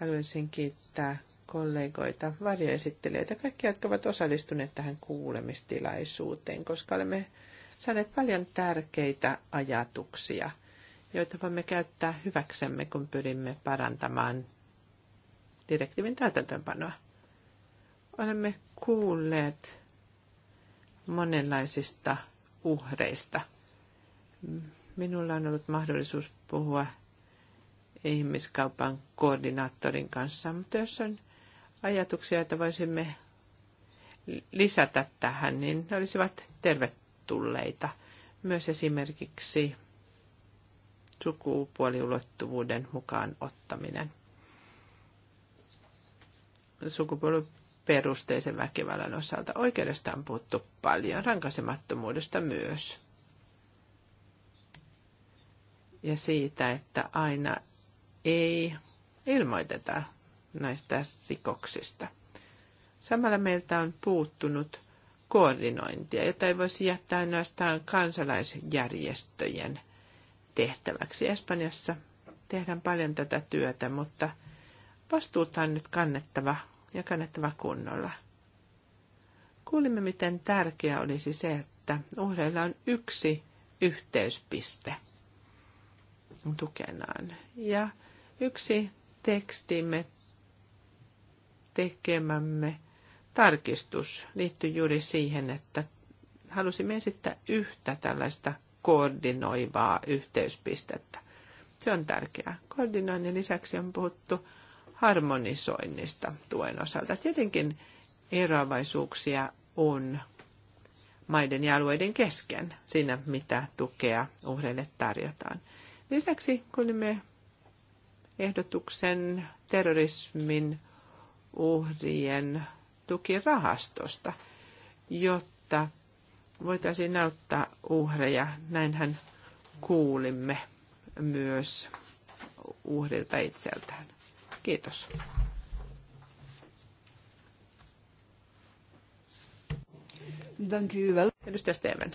Haluaisin kiittää kollegoita, varjoesittelijöitä, kaikkia, jotka ovat osallistuneet tähän kuulemistilaisuuteen, koska olemme saaneet paljon tärkeitä ajatuksia – joita voimme käyttää hyväksemme, kun pyrimme parantamaan direktiivin täytäntöönpanoa. Olemme kuulleet monenlaisista uhreista. Minulla on ollut mahdollisuus puhua ihmiskaupan koordinaattorin kanssa, mutta jos on ajatuksia, että voisimme lisätä tähän, niin ne olisivat tervetulleita. Myös esimerkiksi sukupuoliulottuvuuden mukaan ottaminen. Sukupuoliperusteisen väkivallan osalta oikeudesta on puhuttu paljon, rankaisemattomuudesta myös. Ja siitä, että aina ei ilmoiteta näistä rikoksista. Samalla meiltä on puuttunut koordinointia, jota ei voisi jättää ainoastaan kansalaisjärjestöjen – tehtäväksi. Espanjassa tehdään paljon tätä työtä, mutta vastuuta on nyt kannettava ja kannettava kunnolla. Kuulimme, miten tärkeää olisi se, että uhreilla on yksi yhteyspiste tukenaan. Ja yksi tekstimme tekemämme tarkistus liittyy juuri siihen, että halusimme esittää yhtä tällaista koordinoivaa yhteyspistettä. Se on tärkeää. Koordinoinnin lisäksi on puhuttu harmonisoinnista tuen osalta. Tietenkin eroavaisuuksia on maiden ja alueiden kesken siinä, mitä tukea uhreille tarjotaan. Lisäksi kuulimme ehdotuksen terrorismin uhrien tukirahastosta, jotta voitaisiin näyttää uhreja. Näinhän kuulimme myös uhrilta itseltään. Kiitos. Edustaja Steven.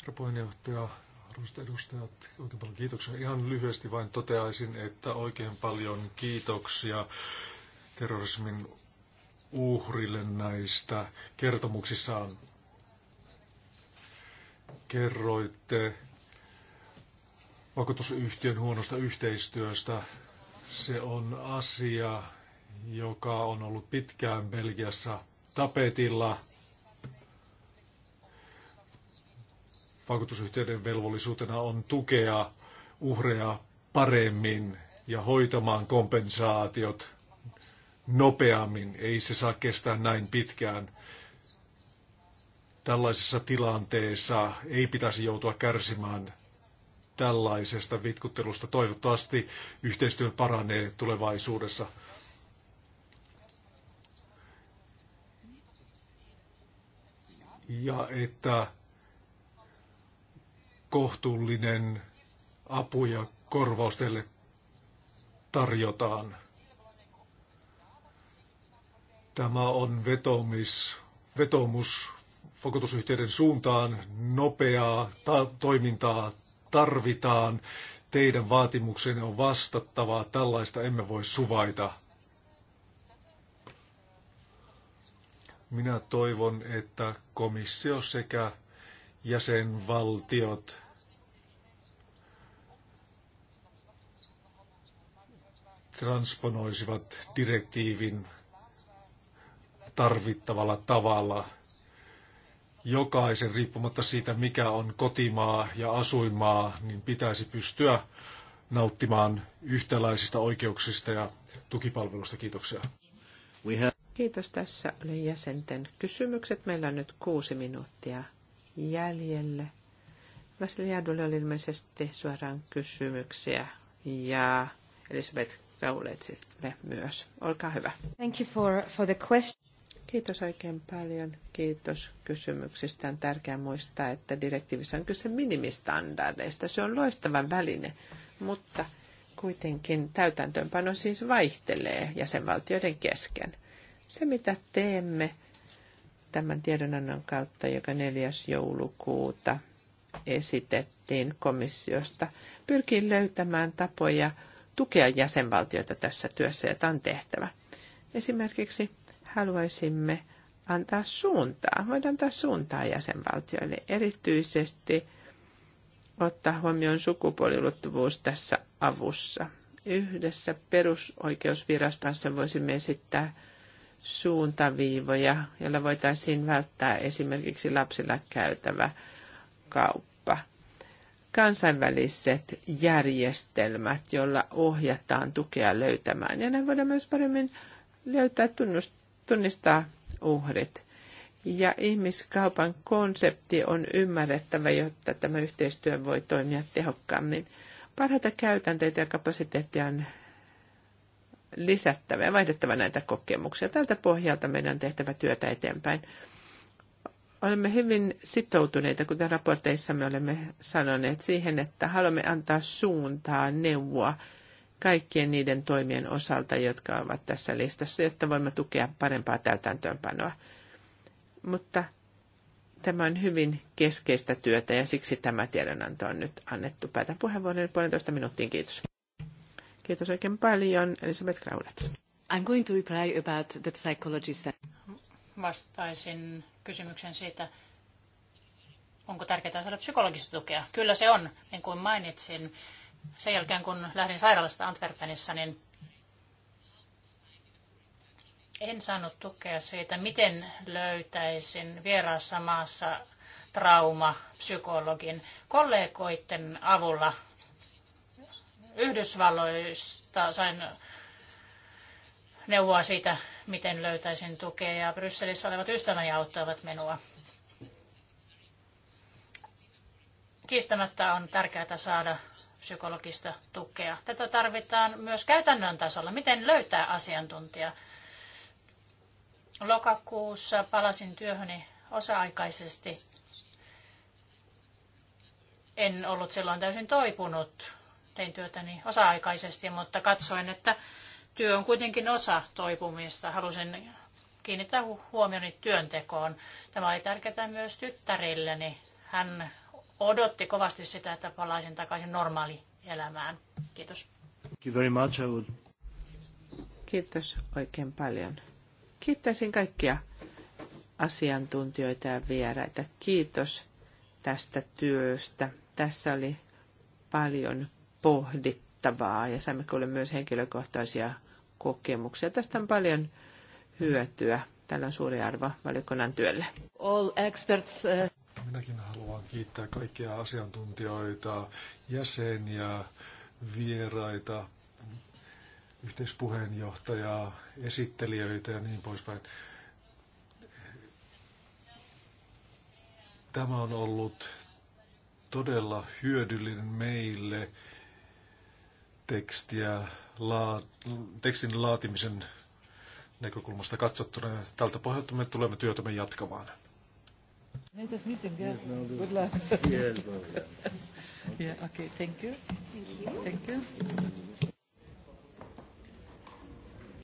Herra puheenjohtaja, arvoisat edustajat, oikein paljon kiitoksia. Ihan lyhyesti vain toteaisin, että oikein paljon kiitoksia terrorismin uhrille näistä kertomuksissaan kerroitte vakuutusyhtiön huonosta yhteistyöstä. Se on asia, joka on ollut pitkään Belgiassa tapetilla. Vakuutusyhtiöiden velvollisuutena on tukea uhreja paremmin ja hoitamaan kompensaatiot nopeammin. Ei se saa kestää näin pitkään. Tällaisessa tilanteessa ei pitäisi joutua kärsimään tällaisesta vitkuttelusta. Toivottavasti yhteistyö paranee tulevaisuudessa. Ja että kohtuullinen apu ja korvaus teille tarjotaan. Tämä on vetomis, vetomus vakuutusyhtiöiden suuntaan nopeaa ta- toimintaa tarvitaan. Teidän vaatimuksenne on vastattavaa. Tällaista emme voi suvaita. Minä toivon, että komissio sekä jäsenvaltiot transponoisivat direktiivin tarvittavalla tavalla – jokaisen, riippumatta siitä mikä on kotimaa ja asuinmaa, niin pitäisi pystyä nauttimaan yhtäläisistä oikeuksista ja tukipalveluista. Kiitoksia. Kiitos. Tässä oli jäsenten kysymykset. Meillä on nyt kuusi minuuttia jäljelle. Vasiliadulle oli ilmeisesti suoraan kysymyksiä ja Elisabeth Rauletsille myös. Olkaa hyvä. Thank you for, for the question. Kiitos oikein paljon. Kiitos kysymyksistä. On tärkeää muistaa, että direktiivissä on kyse minimistandardeista. Se on loistava väline, mutta kuitenkin täytäntöönpano siis vaihtelee jäsenvaltioiden kesken. Se, mitä teemme tämän tiedonannon kautta, joka 4. joulukuuta esitettiin komissiosta, pyrkii löytämään tapoja tukea jäsenvaltioita tässä työssä, jota on tehtävä. Esimerkiksi haluaisimme antaa suuntaa, voidaan antaa suuntaa jäsenvaltioille, erityisesti ottaa huomioon sukupuoliluottuvuus tässä avussa. Yhdessä perusoikeusvirastossa voisimme esittää suuntaviivoja, joilla voitaisiin välttää esimerkiksi lapsilla käytävä kauppa. Kansainväliset järjestelmät, joilla ohjataan tukea löytämään, ja näin voidaan myös paremmin löytää tunnust- tunnistaa uhrit. Ja ihmiskaupan konsepti on ymmärrettävä, jotta tämä yhteistyö voi toimia tehokkaammin. Parhaita käytänteitä ja kapasiteettia on lisättävä ja vaihdettava näitä kokemuksia. Tältä pohjalta meidän on tehtävä työtä eteenpäin. Olemme hyvin sitoutuneita, kuten raporteissamme olemme sanoneet, siihen, että haluamme antaa suuntaa, neuvoa kaikkien niiden toimien osalta, jotka ovat tässä listassa, jotta voimme tukea parempaa täytäntöönpanoa. Mutta tämä on hyvin keskeistä työtä ja siksi tämä tiedonanto on nyt annettu. Päätän puheenvuoron puolentoista minuuttiin. Kiitos. Kiitos oikein paljon, Elisabeth Kraulets. I'm going to reply about the psychologist. Vastaisin kysymyksen siitä, onko tärkeää saada psykologista tukea. Kyllä se on, niin kuin mainitsin sen jälkeen, kun lähdin sairaalasta Antwerpenissa, niin en saanut tukea siitä, miten löytäisin vieraassa maassa traumapsykologin kollegoiden avulla. Yhdysvalloista sain neuvoa siitä, miten löytäisin tukea ja Brysselissä olevat ystäväni auttavat minua. Kiistämättä on tärkeää saada psykologista tukea. Tätä tarvitaan myös käytännön tasolla. Miten löytää asiantuntija? Lokakuussa palasin työhöni osa-aikaisesti. En ollut silloin täysin toipunut. Tein työtäni osa-aikaisesti, mutta katsoin, että työ on kuitenkin osa toipumista. Halusin kiinnittää huomioni työntekoon. Tämä oli tärkeää myös tyttärilleni. Hän odotti kovasti sitä, että palaisin takaisin normaali elämään. Kiitos. Thank you very much. I would... Kiitos oikein paljon. Kiittäisin kaikkia asiantuntijoita ja vieraita. Kiitos tästä työstä. Tässä oli paljon pohdittavaa ja saimme kuulla myös henkilökohtaisia kokemuksia. Tästä on paljon hyötyä. Tällä on suuri arvo valiokunnan työlle. All experts, uh... Minäkin haluan kiittää kaikkia asiantuntijoita, jäseniä, vieraita, yhteispuheenjohtajaa, esittelijöitä ja niin poispäin. Tämä on ollut todella hyödyllinen meille tekstiä, tekstin laatimisen näkökulmasta katsottuna. Tältä pohjalta me tulemme työtämme jatkamaan. Latest meeting, yeah. Yes, no, Good luck. Yes, no, yeah. yeah, okay, thank you. Thank you. Thank you.